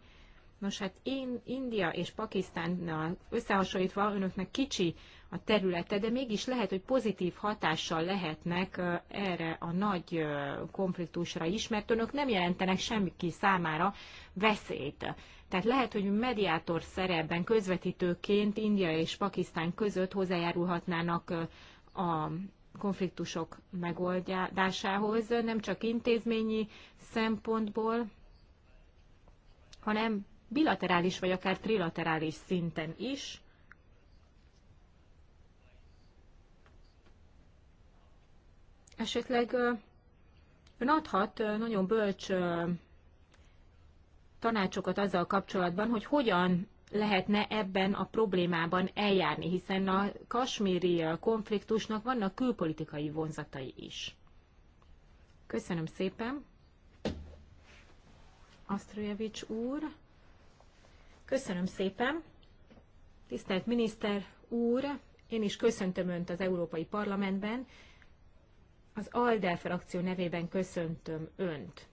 Nos, hát én, India és Pakisztánnal összehasonlítva önöknek kicsi a területe, de mégis lehet, hogy pozitív hatással lehetnek erre a nagy konfliktusra is, mert önök nem jelentenek semmiki számára veszélyt. Tehát lehet, hogy mediátor szerepben, közvetítőként India és Pakisztán között hozzájárulhatnának a konfliktusok megoldásához, nem csak intézményi szempontból, hanem bilaterális vagy akár trilaterális szinten is, Esetleg ön adhat nagyon bölcs tanácsokat azzal kapcsolatban, hogy hogyan lehetne ebben a problémában eljárni, hiszen a kasmíri konfliktusnak vannak külpolitikai vonzatai is. Köszönöm szépen, Asztrojevics úr. Köszönöm szépen, tisztelt miniszter úr, én is köszöntöm Önt az Európai Parlamentben, az ALDE frakció nevében köszöntöm Önt.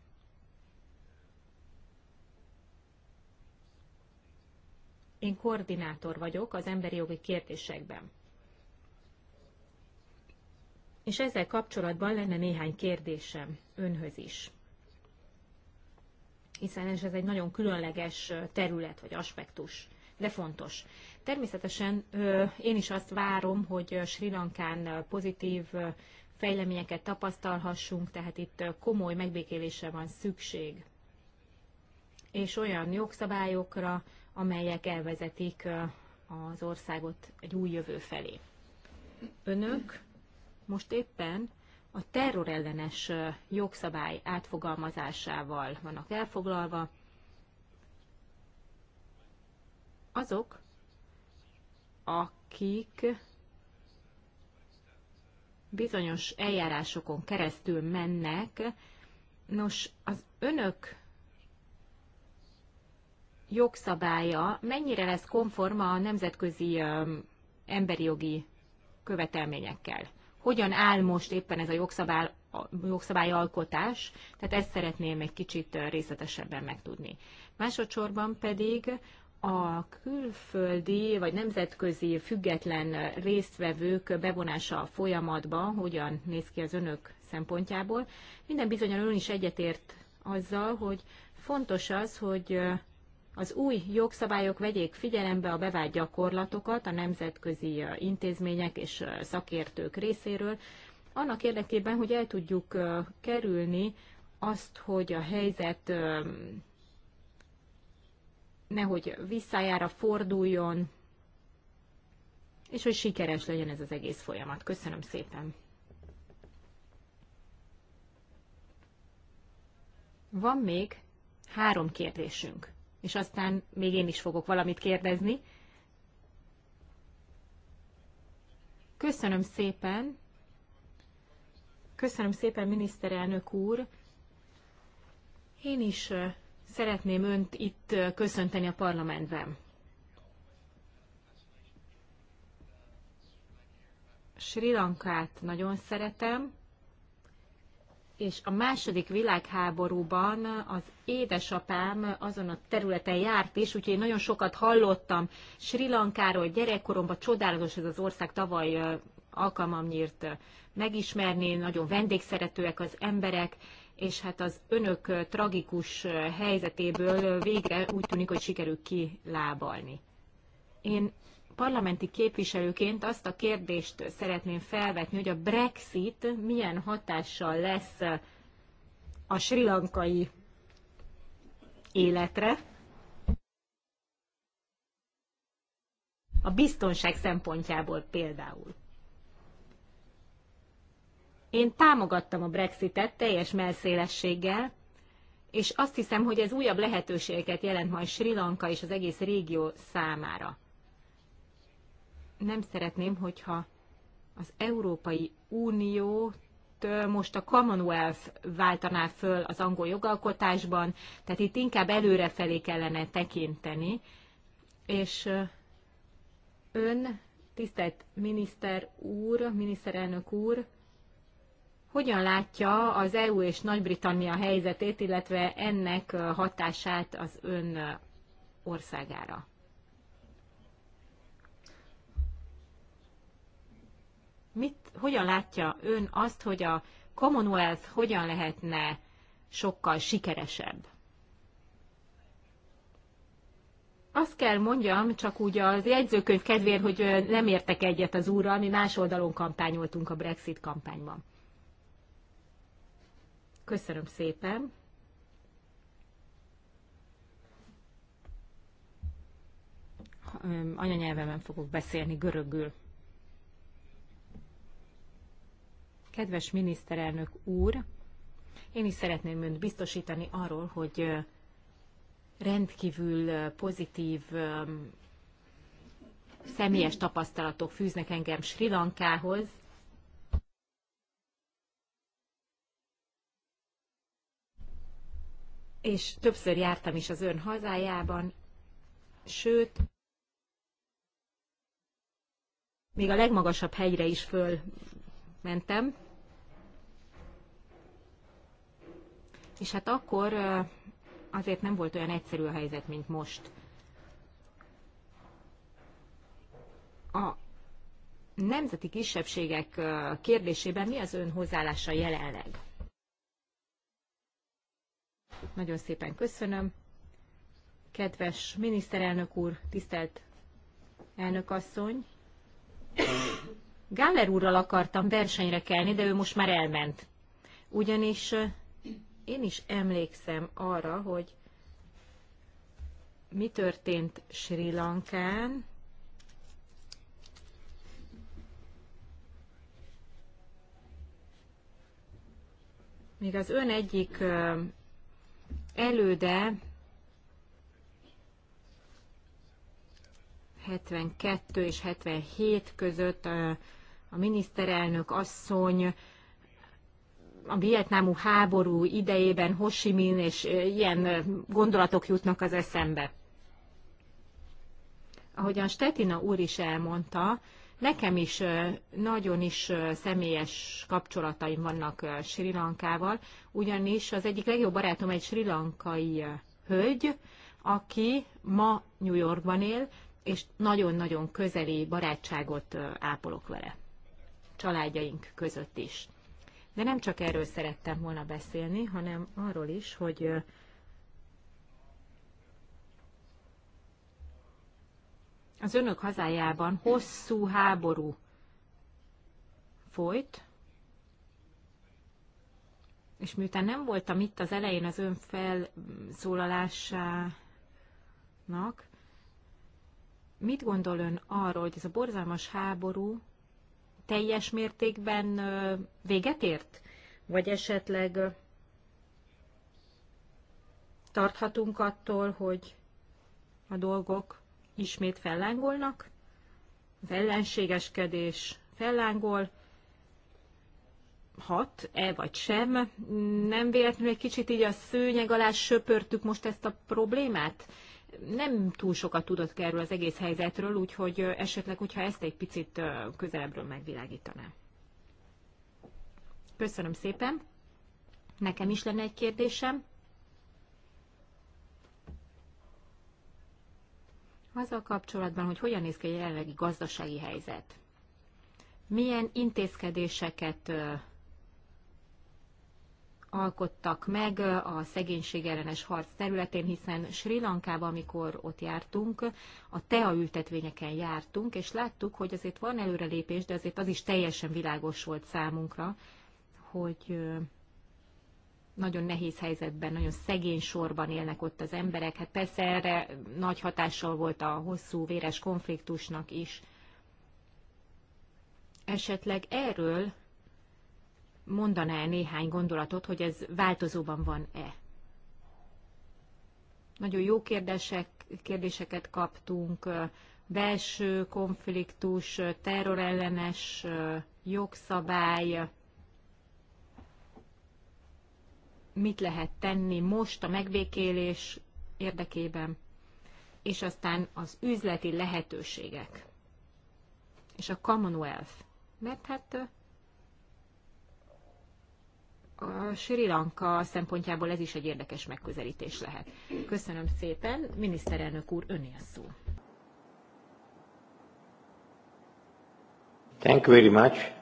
Én koordinátor vagyok az emberi jogi kérdésekben. És ezzel kapcsolatban lenne néhány kérdésem Önhöz is. Hiszen ez egy nagyon különleges terület vagy aspektus, de fontos. Természetesen én is azt várom, hogy Sri Lankán pozitív fejleményeket tapasztalhassunk, tehát itt komoly megbékélésre van szükség. És olyan jogszabályokra, amelyek elvezetik az országot egy új jövő felé. Önök most éppen a terrorellenes jogszabály átfogalmazásával vannak elfoglalva. Azok, akik bizonyos eljárásokon keresztül mennek. Nos, az önök jogszabálya mennyire lesz konforma a nemzetközi emberi jogi követelményekkel? Hogyan áll most éppen ez a jogszabály, a jogszabályalkotás? Tehát ezt szeretném egy kicsit részletesebben megtudni. Másodszorban pedig a külföldi vagy nemzetközi független résztvevők bevonása a folyamatba hogyan néz ki az önök szempontjából. Minden bizonyal ön is egyetért azzal, hogy fontos az, hogy az új jogszabályok vegyék figyelembe a bevált gyakorlatokat a nemzetközi intézmények és szakértők részéről, annak érdekében, hogy el tudjuk kerülni azt, hogy a helyzet nehogy visszájára forduljon, és hogy sikeres legyen ez az egész folyamat. Köszönöm szépen! Van még három kérdésünk, és aztán még én is fogok valamit kérdezni. Köszönöm szépen! Köszönöm szépen, miniszterelnök úr! Én is Szeretném Önt itt köszönteni a parlamentben. Sri Lankát nagyon szeretem, és a második világháborúban az édesapám azon a területen járt is, úgyhogy én nagyon sokat hallottam Sri Lankáról gyerekkoromban, csodálatos ez az ország, tavaly alkalmam nyírt megismerni, nagyon vendégszeretőek az emberek, és hát az önök tragikus helyzetéből végre úgy tűnik, hogy sikerül kilábalni. Én parlamenti képviselőként azt a kérdést szeretném felvetni, hogy a Brexit milyen hatással lesz a sri lankai életre, a biztonság szempontjából például. Én támogattam a Brexitet teljes melszélességgel, és azt hiszem, hogy ez újabb lehetőségeket jelent majd Sri Lanka és az egész régió számára. Nem szeretném, hogyha az Európai Unió most a Commonwealth váltaná föl az angol jogalkotásban, tehát itt inkább előrefelé kellene tekinteni, és ön, tisztelt miniszter úr, miniszterelnök úr, hogyan látja az EU és Nagy-Britannia helyzetét, illetve ennek hatását az ön országára? Mit, hogyan látja ön azt, hogy a Commonwealth hogyan lehetne sokkal sikeresebb? Azt kell mondjam, csak úgy az jegyzőkönyv kedvéért, hogy nem értek egyet az úrral, mi más oldalon kampányoltunk a Brexit kampányban. Köszönöm szépen. Anyanyelvemen fogok beszélni görögül. Kedves miniszterelnök úr, én is szeretném önt biztosítani arról, hogy rendkívül pozitív személyes tapasztalatok fűznek engem Sri Lankához, és többször jártam is az ön hazájában, sőt, még a legmagasabb hegyre is fölmentem. És hát akkor azért nem volt olyan egyszerű a helyzet, mint most. A nemzeti kisebbségek kérdésében mi az ön hozzáállása jelenleg? Nagyon szépen köszönöm. Kedves miniszterelnök úr, tisztelt elnökasszony. Gáller úrral akartam versenyre kelni, de ő most már elment. Ugyanis én is emlékszem arra, hogy mi történt Sri Lankán, Még az ön egyik Előde 72 és 77 között a miniszterelnök asszony a vietnámú háború idejében Ho Chi Minh, és ilyen gondolatok jutnak az eszembe. Ahogyan Stetina úr is elmondta, Nekem is nagyon is személyes kapcsolataim vannak Sri Lankával, ugyanis az egyik legjobb barátom egy sri lankai hölgy, aki ma New Yorkban él, és nagyon-nagyon közeli barátságot ápolok vele. Családjaink között is. De nem csak erről szerettem volna beszélni, hanem arról is, hogy az önök hazájában hosszú háború folyt, és miután nem voltam itt az elején az ön felszólalásának, mit gondol ön arról, hogy ez a borzalmas háború teljes mértékben véget ért? Vagy esetleg tarthatunk attól, hogy a dolgok ismét fellángolnak, az ellenségeskedés fellángol, hat, e vagy sem. Nem véletlenül egy kicsit így a szőnyeg alá söpörtük most ezt a problémát? Nem túl sokat tudott erről az egész helyzetről, úgyhogy esetleg, hogyha ezt egy picit közelebbről megvilágítaná. Köszönöm szépen. Nekem is lenne egy kérdésem. azzal kapcsolatban, hogy hogyan néz ki a jelenlegi gazdasági helyzet. Milyen intézkedéseket alkottak meg a szegénység ellenes harc területén, hiszen Sri Lankában, amikor ott jártunk, a tea ültetvényeken jártunk, és láttuk, hogy azért van előrelépés, de azért az is teljesen világos volt számunkra, hogy nagyon nehéz helyzetben, nagyon szegény sorban élnek ott az emberek. Hát persze erre nagy hatással volt a hosszú véres konfliktusnak is. Esetleg erről mondaná -e néhány gondolatot, hogy ez változóban van-e? Nagyon jó kérdések, kérdéseket kaptunk, belső konfliktus, terrorellenes jogszabály, mit lehet tenni most a megbékélés érdekében, és aztán az üzleti lehetőségek, és a Commonwealth. Mert hát a Sri Lanka szempontjából ez is egy érdekes megközelítés lehet. Köszönöm szépen, miniszterelnök úr, a szó. Thank you very much.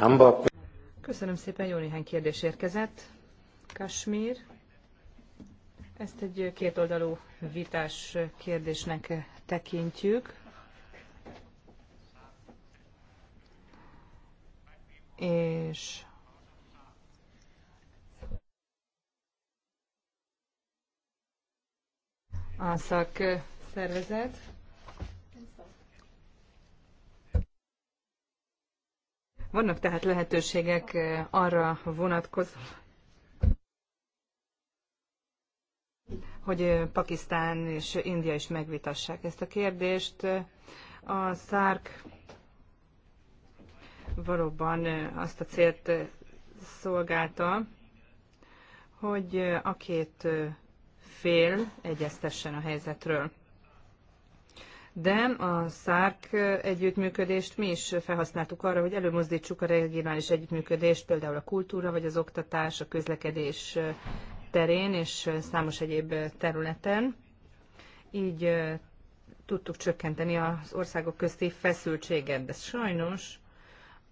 Number... Köszönöm szépen, jó néhány kérdés érkezett. Kashmir. Ezt egy kétoldalú vitás kérdésnek tekintjük. És a szakszervezet. Vannak tehát lehetőségek arra vonatkozóan, hogy Pakisztán és India is megvitassák ezt a kérdést. A szárk valóban azt a célt szolgálta, hogy a két fél egyeztessen a helyzetről. De a szárk együttműködést mi is felhasználtuk arra, hogy előmozdítsuk a regionális együttműködést, például a kultúra vagy az oktatás, a közlekedés terén és számos egyéb területen. Így tudtuk csökkenteni az országok közti feszültséget, de sajnos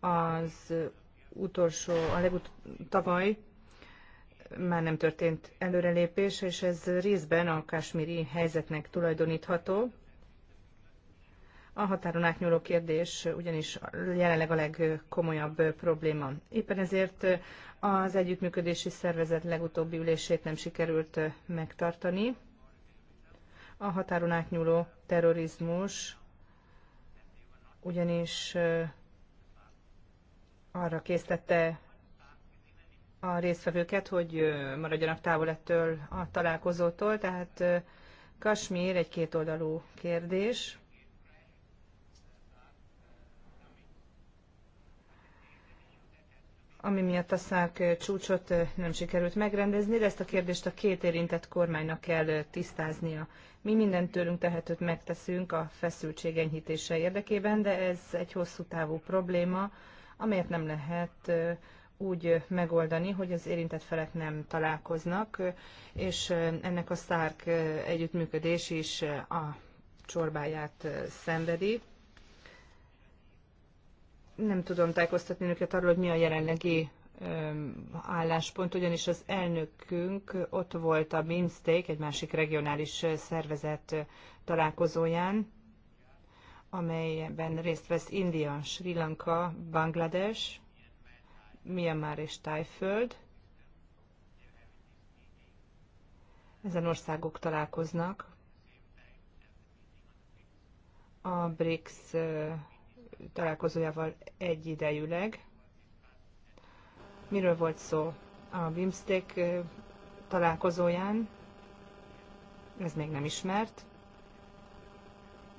az utolsó, a legut- tavaly már nem történt előrelépés, és ez részben a kásmiri helyzetnek tulajdonítható. A határon átnyúló kérdés ugyanis jelenleg a legkomolyabb probléma. Éppen ezért az együttműködési szervezet legutóbbi ülését nem sikerült megtartani. A határon átnyúló terrorizmus ugyanis arra késztette a résztvevőket, hogy maradjanak távol ettől a találkozótól, tehát Kasmír egy kétoldalú kérdés ami miatt a szák csúcsot nem sikerült megrendezni, de ezt a kérdést a két érintett kormánynak kell tisztáznia. Mi mindent tőlünk tehetőt megteszünk a feszültség enyhítése érdekében, de ez egy hosszú távú probléma, amelyet nem lehet úgy megoldani, hogy az érintett felek nem találkoznak, és ennek a szárk együttműködés is a csorbáját szenvedi nem tudom tájékoztatni önöket arról, hogy mi a jelenlegi álláspont, ugyanis az elnökünk ott volt a Minsteak, egy másik regionális szervezet találkozóján, amelyben részt vesz India, Sri Lanka, Banglades, Myanmar és Tájföld. Ezen országok találkoznak a BRICS találkozójával egyidejűleg. Miről volt szó a Bimsteak találkozóján? Ez még nem ismert.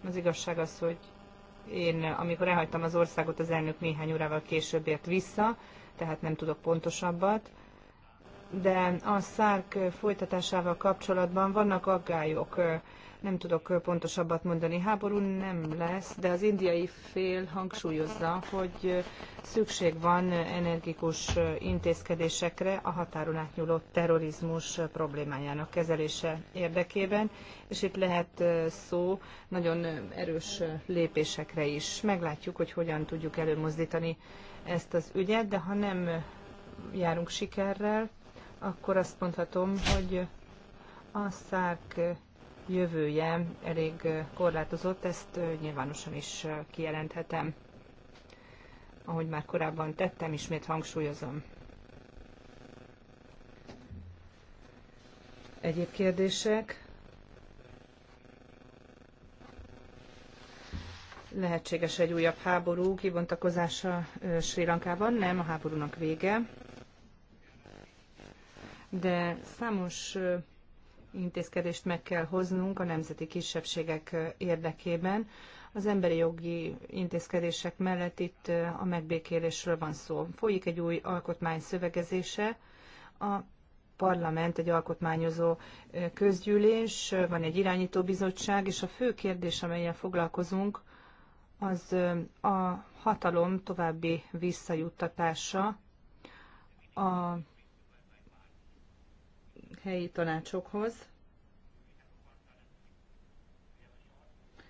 Az igazság az, hogy én, amikor elhagytam az országot, az elnök néhány órával később ért vissza, tehát nem tudok pontosabbat. De a szárk folytatásával kapcsolatban vannak aggályok nem tudok pontosabbat mondani. Háború nem lesz, de az indiai fél hangsúlyozza, hogy szükség van energikus intézkedésekre a határon átnyúló terrorizmus problémájának kezelése érdekében, és itt lehet szó nagyon erős lépésekre is. Meglátjuk, hogy hogyan tudjuk előmozdítani ezt az ügyet, de ha nem járunk sikerrel, akkor azt mondhatom, hogy a szárk jövője elég korlátozott, ezt nyilvánosan is kijelenthetem. Ahogy már korábban tettem, ismét hangsúlyozom. Egyéb kérdések? Lehetséges egy újabb háború kibontakozása Sri Lankában? Nem, a háborúnak vége. De számos intézkedést meg kell hoznunk a nemzeti kisebbségek érdekében. Az emberi jogi intézkedések mellett itt a megbékélésről van szó. Folyik egy új alkotmány szövegezése. A parlament egy alkotmányozó közgyűlés, van egy irányító bizottság, és a fő kérdés, amelyen foglalkozunk, az a hatalom további visszajuttatása a helyi tanácsokhoz.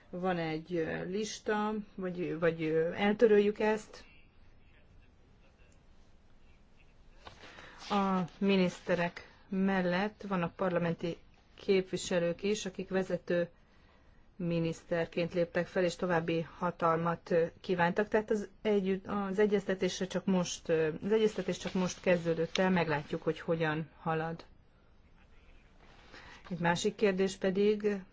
Van egy lista, vagy, vagy eltöröljük ezt. A miniszterek mellett vannak parlamenti képviselők is, akik vezető miniszterként léptek fel, és további hatalmat kívántak. Tehát az, együtt, az egyeztetésre csak most, az egyeztetés csak most kezdődött el, meglátjuk, hogy hogyan halad. Egy másik kérdés pedig,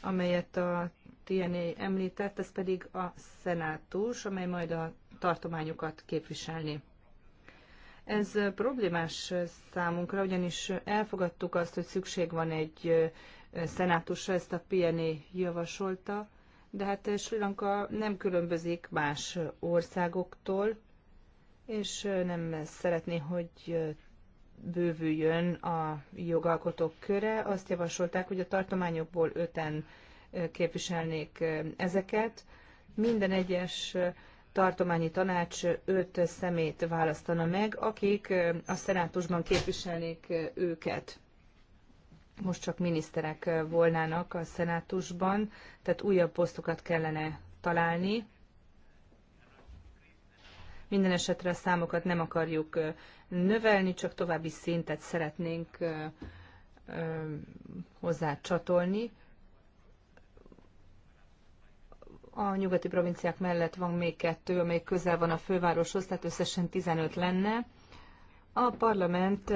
amelyet a TNA említett, ez pedig a szenátus, amely majd a tartományokat képviselni. Ez problémás számunkra, ugyanis elfogadtuk azt, hogy szükség van egy szenátusra, ezt a PNA javasolta, de hát Sri Lanka nem különbözik más országoktól, és nem szeretné, hogy bővüljön a jogalkotók köre. Azt javasolták, hogy a tartományokból öten képviselnék ezeket. Minden egyes tartományi tanács öt szemét választana meg, akik a szenátusban képviselnék őket. Most csak miniszterek volnának a szenátusban, tehát újabb posztokat kellene találni minden esetre a számokat nem akarjuk növelni, csak további szintet szeretnénk hozzá csatolni. A nyugati provinciák mellett van még kettő, amely közel van a fővároshoz, tehát összesen 15 lenne. A parlament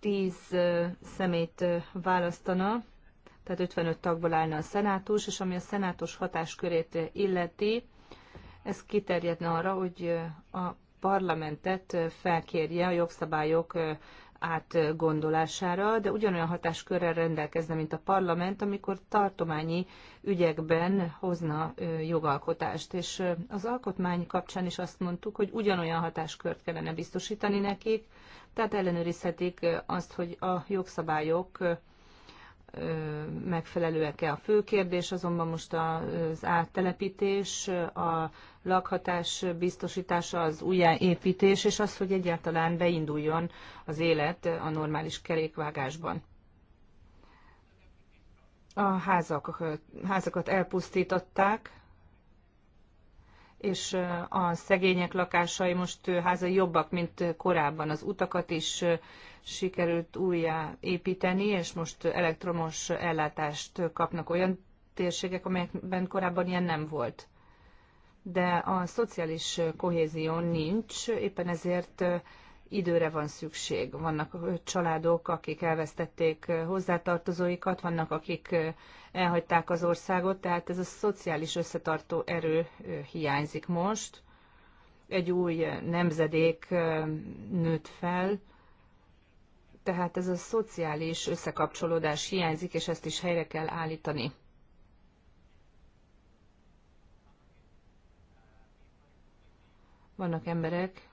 10 szemét választana, tehát 55 tagból állna a szenátus, és ami a szenátus hatáskörét illeti, ez kiterjedne arra, hogy a parlamentet felkérje a jogszabályok átgondolására, de ugyanolyan hatáskörrel rendelkezne, mint a parlament, amikor tartományi ügyekben hozna jogalkotást. És az alkotmány kapcsán is azt mondtuk, hogy ugyanolyan hatáskört kellene biztosítani nekik, tehát ellenőrizhetik azt, hogy a jogszabályok megfelelőek-e. A fő kérdés azonban most az áttelepítés, a lakhatás biztosítása, az újjáépítés, és az, hogy egyáltalán beinduljon az élet a normális kerékvágásban. A házak, házakat elpusztították, és a szegények lakásai most házai jobbak, mint korábban. Az utakat is sikerült újjá építeni, és most elektromos ellátást kapnak olyan térségek, amelyekben korábban ilyen nem volt. De a szociális kohézió nincs, éppen ezért időre van szükség. Vannak családok, akik elvesztették hozzátartozóikat, vannak, akik elhagyták az országot, tehát ez a szociális összetartó erő hiányzik most. Egy új nemzedék nőtt fel, tehát ez a szociális összekapcsolódás hiányzik, és ezt is helyre kell állítani. Vannak emberek,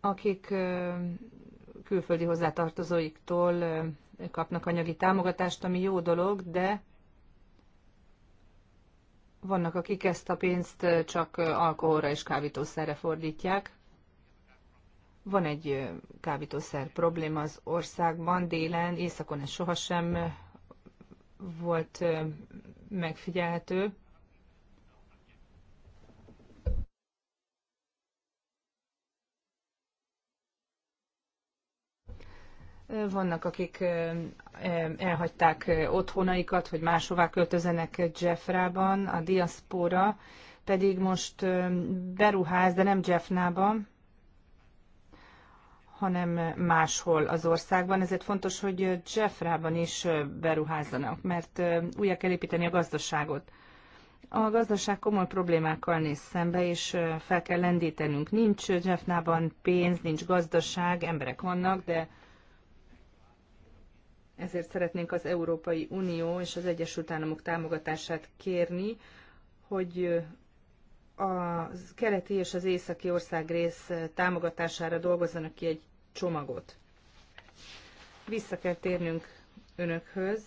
akik külföldi hozzátartozóiktól kapnak anyagi támogatást, ami jó dolog, de vannak, akik ezt a pénzt csak alkoholra és kávítószerre fordítják. Van egy kábítószer probléma az országban, délen, éjszakon ez sohasem volt megfigyelhető. Vannak, akik elhagyták otthonaikat, hogy máshová költözenek Jeffrában, a diaszpora pedig most beruház, de nem Jeffnába, hanem máshol az országban. Ezért fontos, hogy Jeffrában is beruházzanak, mert újra kell építeni a gazdaságot. A gazdaság komoly problémákkal néz szembe, és fel kell lendítenünk. Nincs Jeffnában pénz, nincs gazdaság, emberek vannak, de ezért szeretnénk az Európai Unió és az Egyesült Államok támogatását kérni, hogy a keleti és az északi országrész támogatására dolgozzanak ki egy csomagot. Vissza kell térnünk önökhöz,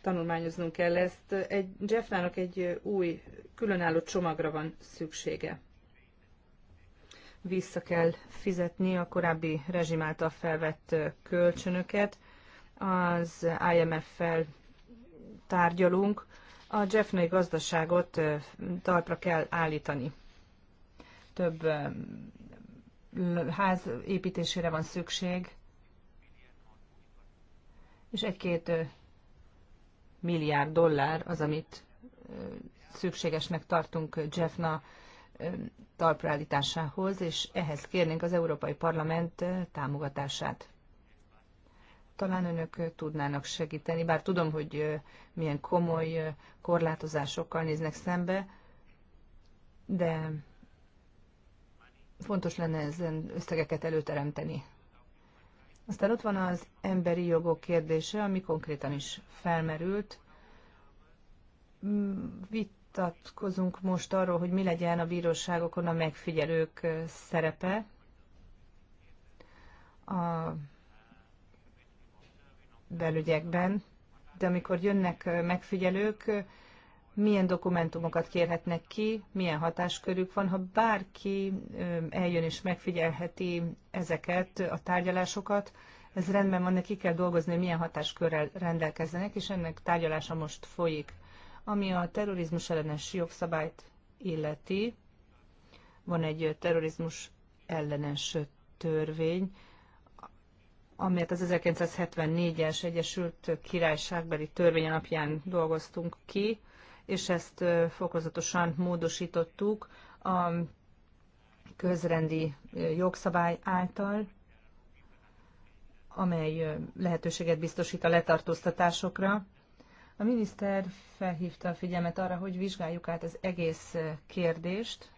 tanulmányoznunk kell ezt. Egy Jeffrának egy új, különálló csomagra van szüksége. Vissza kell fizetni a korábbi rezsim által felvett kölcsönöket. Az IMF-fel tárgyalunk, a Jeffney gazdaságot talpra kell állítani. Több ház építésére van szükség, és egy-két milliárd dollár az, amit szükségesnek tartunk Jeffna talpraállításához, és ehhez kérnénk az Európai Parlament támogatását talán önök tudnának segíteni, bár tudom, hogy milyen komoly korlátozásokkal néznek szembe, de fontos lenne ezen összegeket előteremteni. Aztán ott van az emberi jogok kérdése, ami konkrétan is felmerült. Vitatkozunk most arról, hogy mi legyen a bíróságokon a megfigyelők szerepe. A belügyekben, de amikor jönnek megfigyelők, milyen dokumentumokat kérhetnek ki, milyen hatáskörük van, ha bárki eljön és megfigyelheti ezeket a tárgyalásokat, ez rendben van, neki kell dolgozni, milyen hatáskörrel rendelkezzenek, és ennek tárgyalása most folyik. Ami a terrorizmus ellenes jogszabályt illeti, van egy terrorizmus ellenes törvény, amelyet az 1974-es Egyesült Királyságbeli törvény alapján dolgoztunk ki, és ezt fokozatosan módosítottuk a közrendi jogszabály által, amely lehetőséget biztosít a letartóztatásokra. A miniszter felhívta a figyelmet arra, hogy vizsgáljuk át az egész kérdést.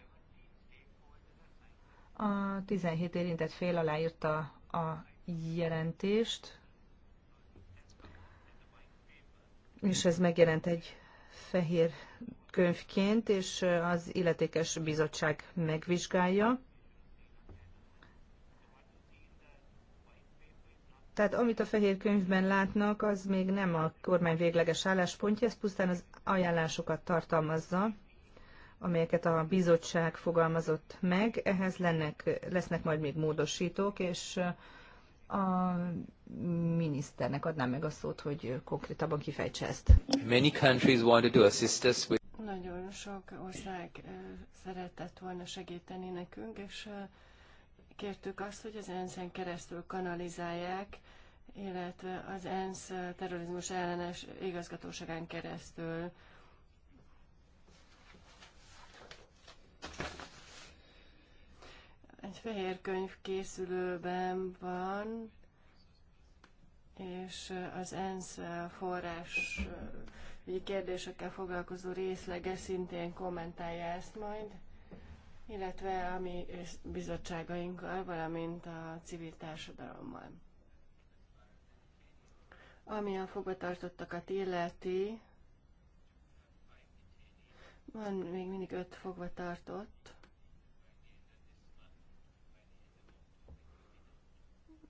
A 17 érintett fél aláírta a jelentést, és ez megjelent egy fehér könyvként, és az illetékes bizottság megvizsgálja. Tehát amit a fehér könyvben látnak, az még nem a kormány végleges álláspontja, ez pusztán az ajánlásokat tartalmazza, amelyeket a bizottság fogalmazott meg. Ehhez lennek, lesznek majd még módosítók, és a miniszternek adnám meg a szót, hogy konkrétabban kifejtse ezt. Many countries wanted to assist us with... Nagyon sok ország szeretett volna segíteni nekünk, és kértük azt, hogy az ENSZ-en keresztül kanalizálják, illetve az ENSZ terrorizmus ellenes igazgatóságán keresztül Egy fehér könyv készülőben van, és az ENSZ forrás kérdésekkel foglalkozó részlege szintén kommentálja ezt majd, illetve a mi bizottságainkkal, valamint a civil társadalommal. Ami a fogvatartottakat illeti, van még mindig öt fogvatartott,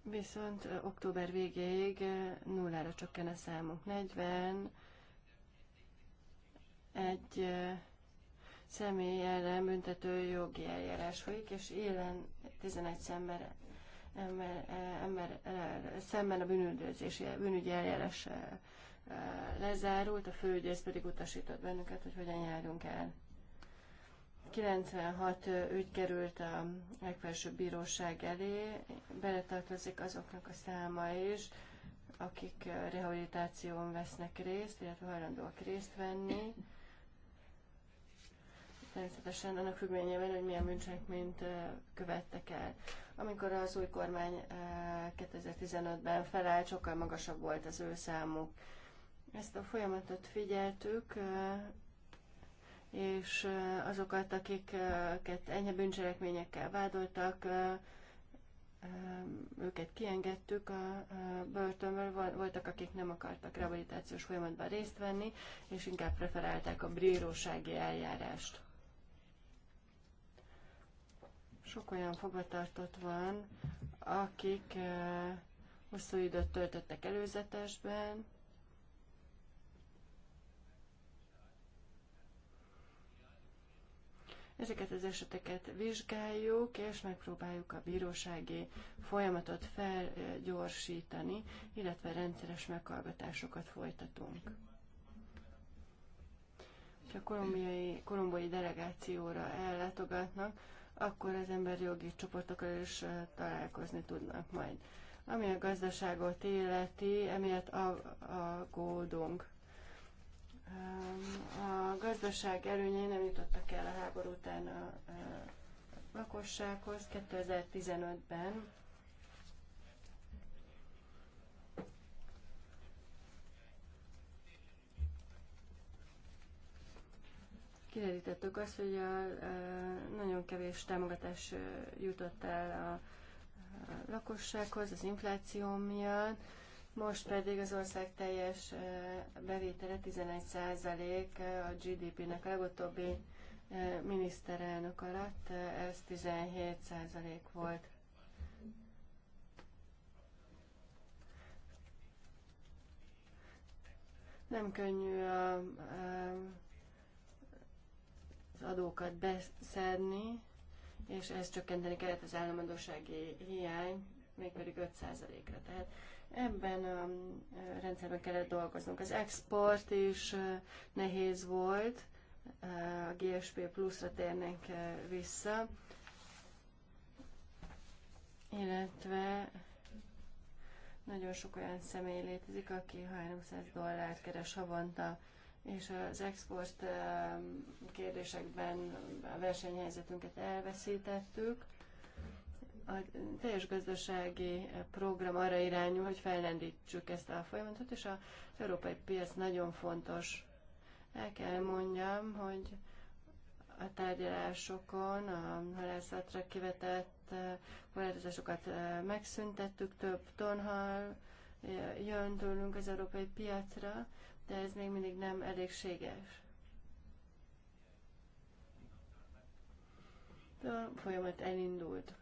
Viszont október végéig nullára csökken a számunk. 40 egy személy ellen büntető jogi eljárás folyik, és élen 11 ember, ember, ember, szemben a bűnüldözési, bűnügyi eljárás lezárult, a főügyész pedig utasított bennünket, hogy hogyan járjunk el. 96 ügy került a legfelsőbb bíróság elé, beletartozik azoknak a száma is, akik rehabilitáción vesznek részt, illetve hajlandóak részt venni. Természetesen annak függvényében, hogy milyen bűncselekményt követtek el. Amikor az új kormány 2015-ben felállt, sokkal magasabb volt az ő számuk. Ezt a folyamatot figyeltük, és azokat, akiket enyhe bűncselekményekkel vádoltak, őket kiengedtük a börtönből, voltak, akik nem akartak rehabilitációs folyamatban részt venni, és inkább preferálták a brírósági eljárást. Sok olyan fogvatartott van, akik hosszú időt töltöttek előzetesben, Ezeket az eseteket vizsgáljuk, és megpróbáljuk a bírósági folyamatot felgyorsítani, illetve rendszeres meghallgatásokat folytatunk. Ha a kolumbiai, delegációra ellátogatnak, akkor az emberi jogi csoportokkal is találkozni tudnak majd. Ami a gazdaságot életi, emiatt aggódunk. A gazdaság előnyei nem jutottak el a háború után a lakossághoz 2015-ben. Kiderítettük azt, hogy a, a, nagyon kevés támogatás jutott el a, a lakossághoz az infláció miatt most pedig az ország teljes bevétele 11% a GDP-nek a legutóbbi miniszterelnök alatt, ez 17% volt. Nem könnyű a, az adókat beszedni, és ezt csökkenteni kellett az államadósági hiány, mégpedig 5%-ra. Tehát Ebben a rendszerben kellett dolgoznunk. Az export is nehéz volt, a GSP pluszra térnénk vissza, illetve nagyon sok olyan személy létezik, aki 300 dollárt keres havonta, és az export kérdésekben a versenyhelyzetünket elveszítettük a teljes gazdasági program arra irányul, hogy fellendítsük ezt a folyamatot, és az európai piac nagyon fontos. El kell mondjam, hogy a tárgyalásokon a halászatra kivetett eh, korlátozásokat eh, megszüntettük, több tonhal eh, jön tőlünk az európai piacra, de ez még mindig nem elégséges. A folyamat elindult.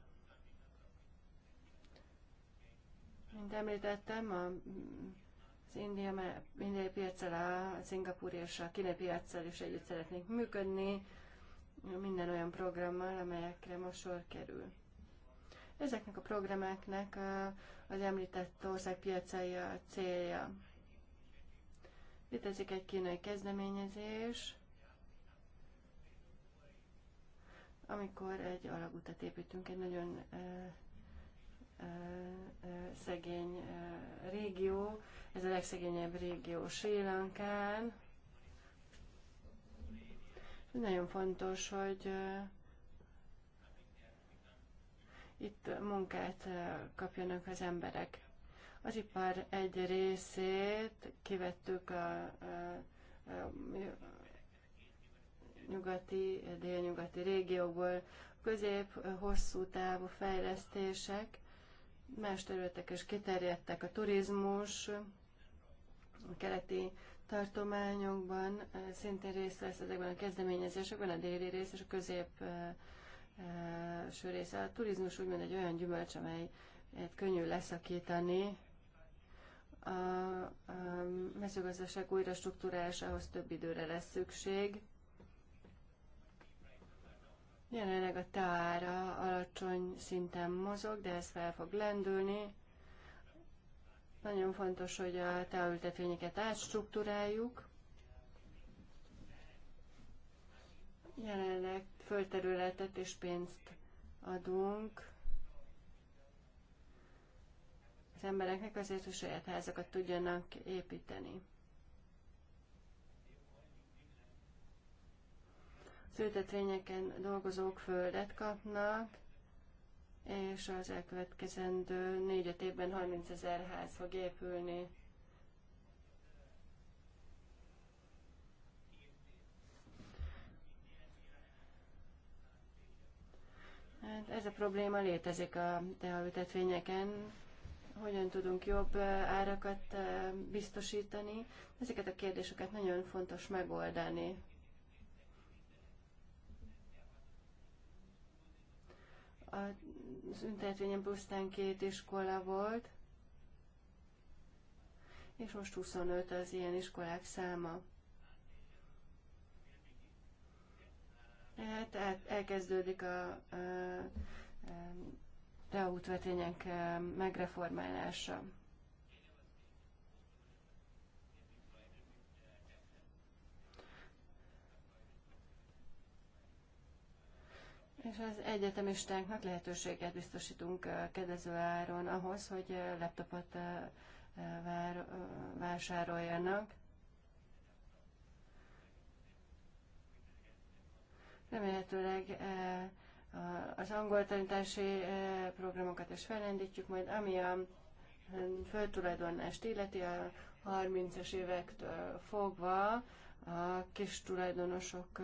Mint említettem, a, az India, indiai piacsal, a szingapúri és a kínai piacsal is együtt szeretnénk működni, minden olyan programmal, amelyekre most sor kerül. Ezeknek a programeknek az említett ország piacai a célja. Létezik egy kínai kezdeményezés, amikor egy alagutat építünk, egy nagyon szegény régió, ez a legszegényebb régió Sri Lankán. Nagyon fontos, hogy itt munkát kapjanak az emberek. Az ipar egy részét kivettük a, a, a nyugati, délnyugati régióból. Közép-hosszú távú fejlesztések más területek is kiterjedtek. A turizmus a keleti tartományokban eh, szintén részt vesz ezekben a kezdeményezésekben, a déli rész és a közép eh, eh, ső része. A turizmus úgymond egy olyan gyümölcs, amelyet könnyű leszakítani. A, mezőgazdaság újra újrastruktúrásához több időre lesz szükség Jelenleg a teára alacsony szinten mozog, de ez fel fog lendülni. Nagyon fontos, hogy a teaültetvényeket átstruktúráljuk. Jelenleg földterületet és pénzt adunk az embereknek azért, hogy saját házakat tudjanak építeni. szültetvényeken dolgozók földet kapnak, és az elkövetkezendő négy évben 30 ezer ház fog épülni. Hát ez a probléma létezik a teaültetvényeken. Hogyan tudunk jobb árakat biztosítani? Ezeket a kérdéseket nagyon fontos megoldani. az üntetvényen pusztán két iskola volt, és most 25 az ilyen iskolák száma. Tehát el, elkezdődik a, a, a teútvötények megreformálása. És az egyetemistánknak lehetőséget biztosítunk kedvező áron ahhoz, hogy laptopot vár, vásároljanak. Remélhetőleg az angol tanítási programokat is felrendítjük, majd ami a föltulajdonást illeti a 30 es évektől fogva a kis tulajdonosok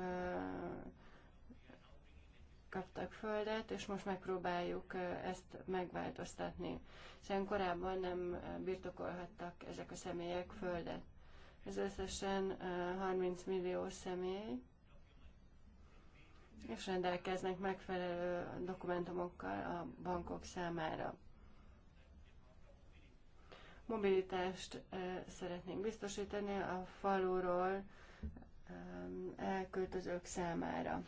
kaptak földet, és most megpróbáljuk ezt megváltoztatni, hiszen korábban nem birtokolhattak ezek a személyek földet. Ez összesen 30 millió személy, és rendelkeznek megfelelő dokumentumokkal a bankok számára. Mobilitást szeretnénk biztosítani a faluról elköltözők számára.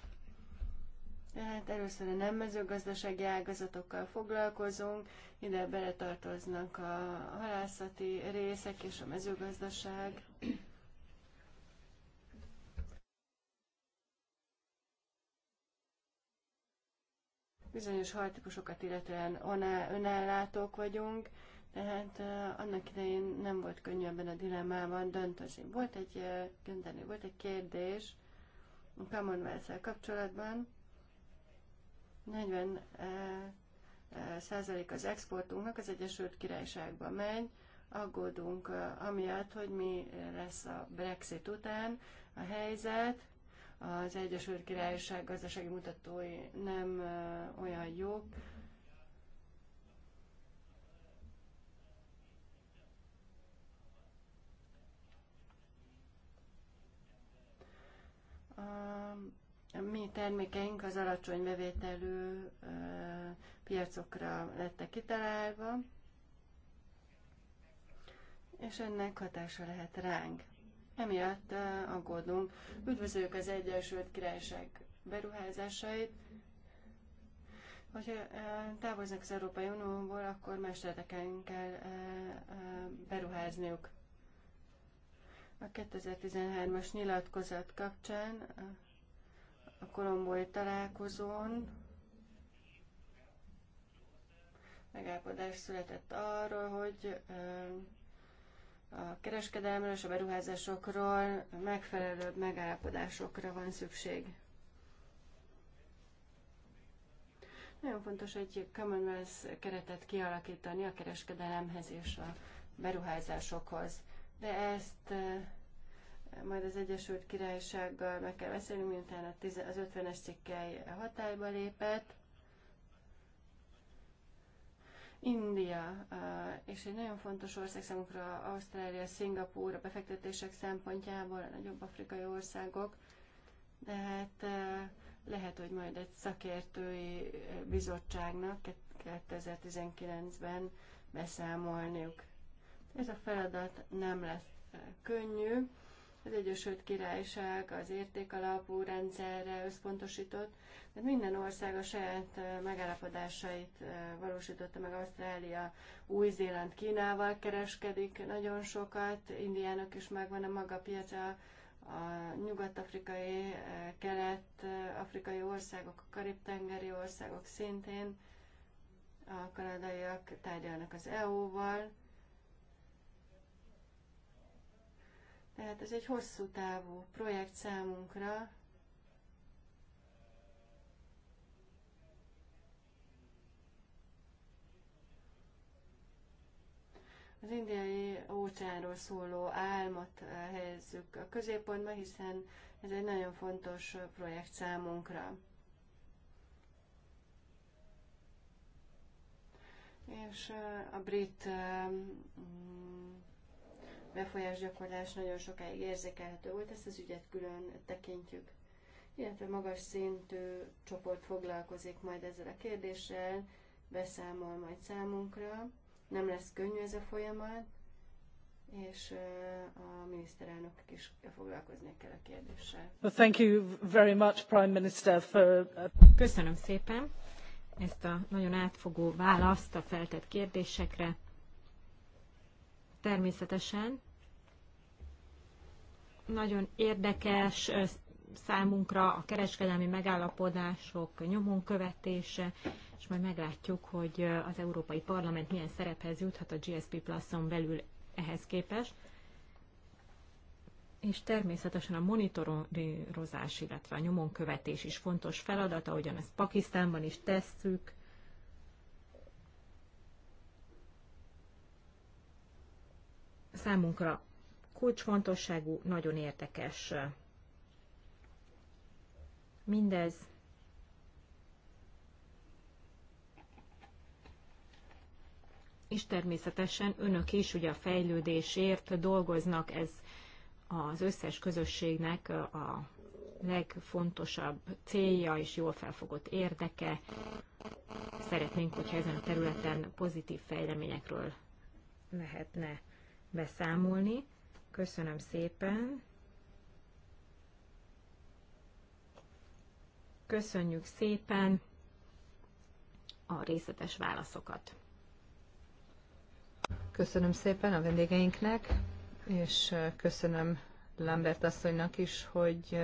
Hát először a nem mezőgazdasági ágazatokkal foglalkozunk, ide beletartoznak a halászati részek és a mezőgazdaság. Bizonyos hajtikusokat illetően önellátók vagyunk, tehát uh, annak idején nem volt könnyű ebben a dilemmában döntözni. Volt egy, uh, volt egy kérdés a Commonwealth-szel kapcsolatban, 40 eh, eh, százalék az exportunknak az Egyesült Királyságba megy, aggódunk eh, amiatt, hogy mi lesz a Brexit után a helyzet, az Egyesült Királyság gazdasági mutatói nem olyan jók, mi termékeink az alacsony bevételű piacokra lettek kitalálva, és ennek hatása lehet ránk. Emiatt aggódunk. Üdvözöljük az Egyesült Királyság beruházásait. Hogyha távoznak az Európai Unióból, akkor más területeken kell beruházniuk. A 2013-as nyilatkozat kapcsán a kolombói találkozón megállapodás született arról, hogy a kereskedelmről és a beruházásokról megfelelőbb megállapodásokra van szükség. Nagyon fontos egy Commonwealth keretet kialakítani a kereskedelemhez és a beruházásokhoz, de ezt majd az Egyesült Királysággal meg kell beszélni, miután az 50-es cikkely hatályba lépett. India, és egy nagyon fontos ország számunkra Ausztrália, Szingapúr, a befektetések szempontjából, a nagyobb afrikai országok, de hát e, lehet, hogy majd egy szakértői e, bizottságnak 2019-ben beszámolniuk. Ez a feladat nem lesz e, könnyű, az Egyesült Királyság az értékalapú rendszerre összpontosított, tehát minden ország a saját megállapodásait valósította meg. Ausztrália, Új-Zéland Kínával kereskedik nagyon sokat, Indiának is megvan a maga piaca, a nyugat-afrikai, kelet-afrikai országok, a karib-tengeri országok szintén, a kanadaiak tárgyalnak az EU-val, Tehát ez egy hosszú távú projekt számunkra. Az indiai óceánról szóló álmat helyezzük a középpontba, hiszen ez egy nagyon fontos projekt számunkra. És a brit befolyásgyakorlás nagyon sokáig érzékelhető volt, ezt az ügyet külön tekintjük. Illetve magas szintű csoport foglalkozik majd ezzel a kérdéssel, beszámol majd számunkra. Nem lesz könnyű ez a folyamat, és a miniszterelnök is foglalkozni kell a kérdéssel. Well, thank you very much, Prime Minister, for... Uh, Köszönöm szépen ezt a nagyon átfogó választ a feltett kérdésekre természetesen nagyon érdekes számunkra a kereskedelmi megállapodások nyomon követése, és majd meglátjuk, hogy az Európai Parlament milyen szerephez juthat a GSP Plus-on belül ehhez képest. És természetesen a monitorozás, illetve a nyomon követés is fontos feladata, ahogyan ezt Pakisztánban is tesszük, számunkra kulcsfontosságú, nagyon érdekes mindez. És természetesen önök is ugye a fejlődésért dolgoznak, ez az összes közösségnek a legfontosabb célja és jól felfogott érdeke. Szeretnénk, hogyha ezen a területen pozitív fejleményekről lehetne beszámolni. Köszönöm szépen! Köszönjük szépen a részletes válaszokat! Köszönöm szépen a vendégeinknek, és köszönöm Lambert asszonynak is, hogy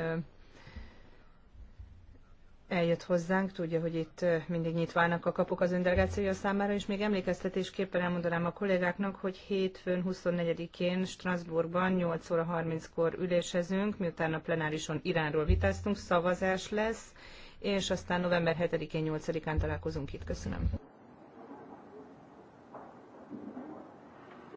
eljött hozzánk, tudja, hogy itt mindig nyitvának a kapuk az öndelegációja számára, és még emlékeztetésképpen elmondanám a kollégáknak, hogy hétfőn 24-én Strasbourgban 8 óra 30-kor ülésezünk, miután a plenárison Iránról vitáztunk, szavazás lesz, és aztán november 7-én, 8-án találkozunk itt. Köszönöm.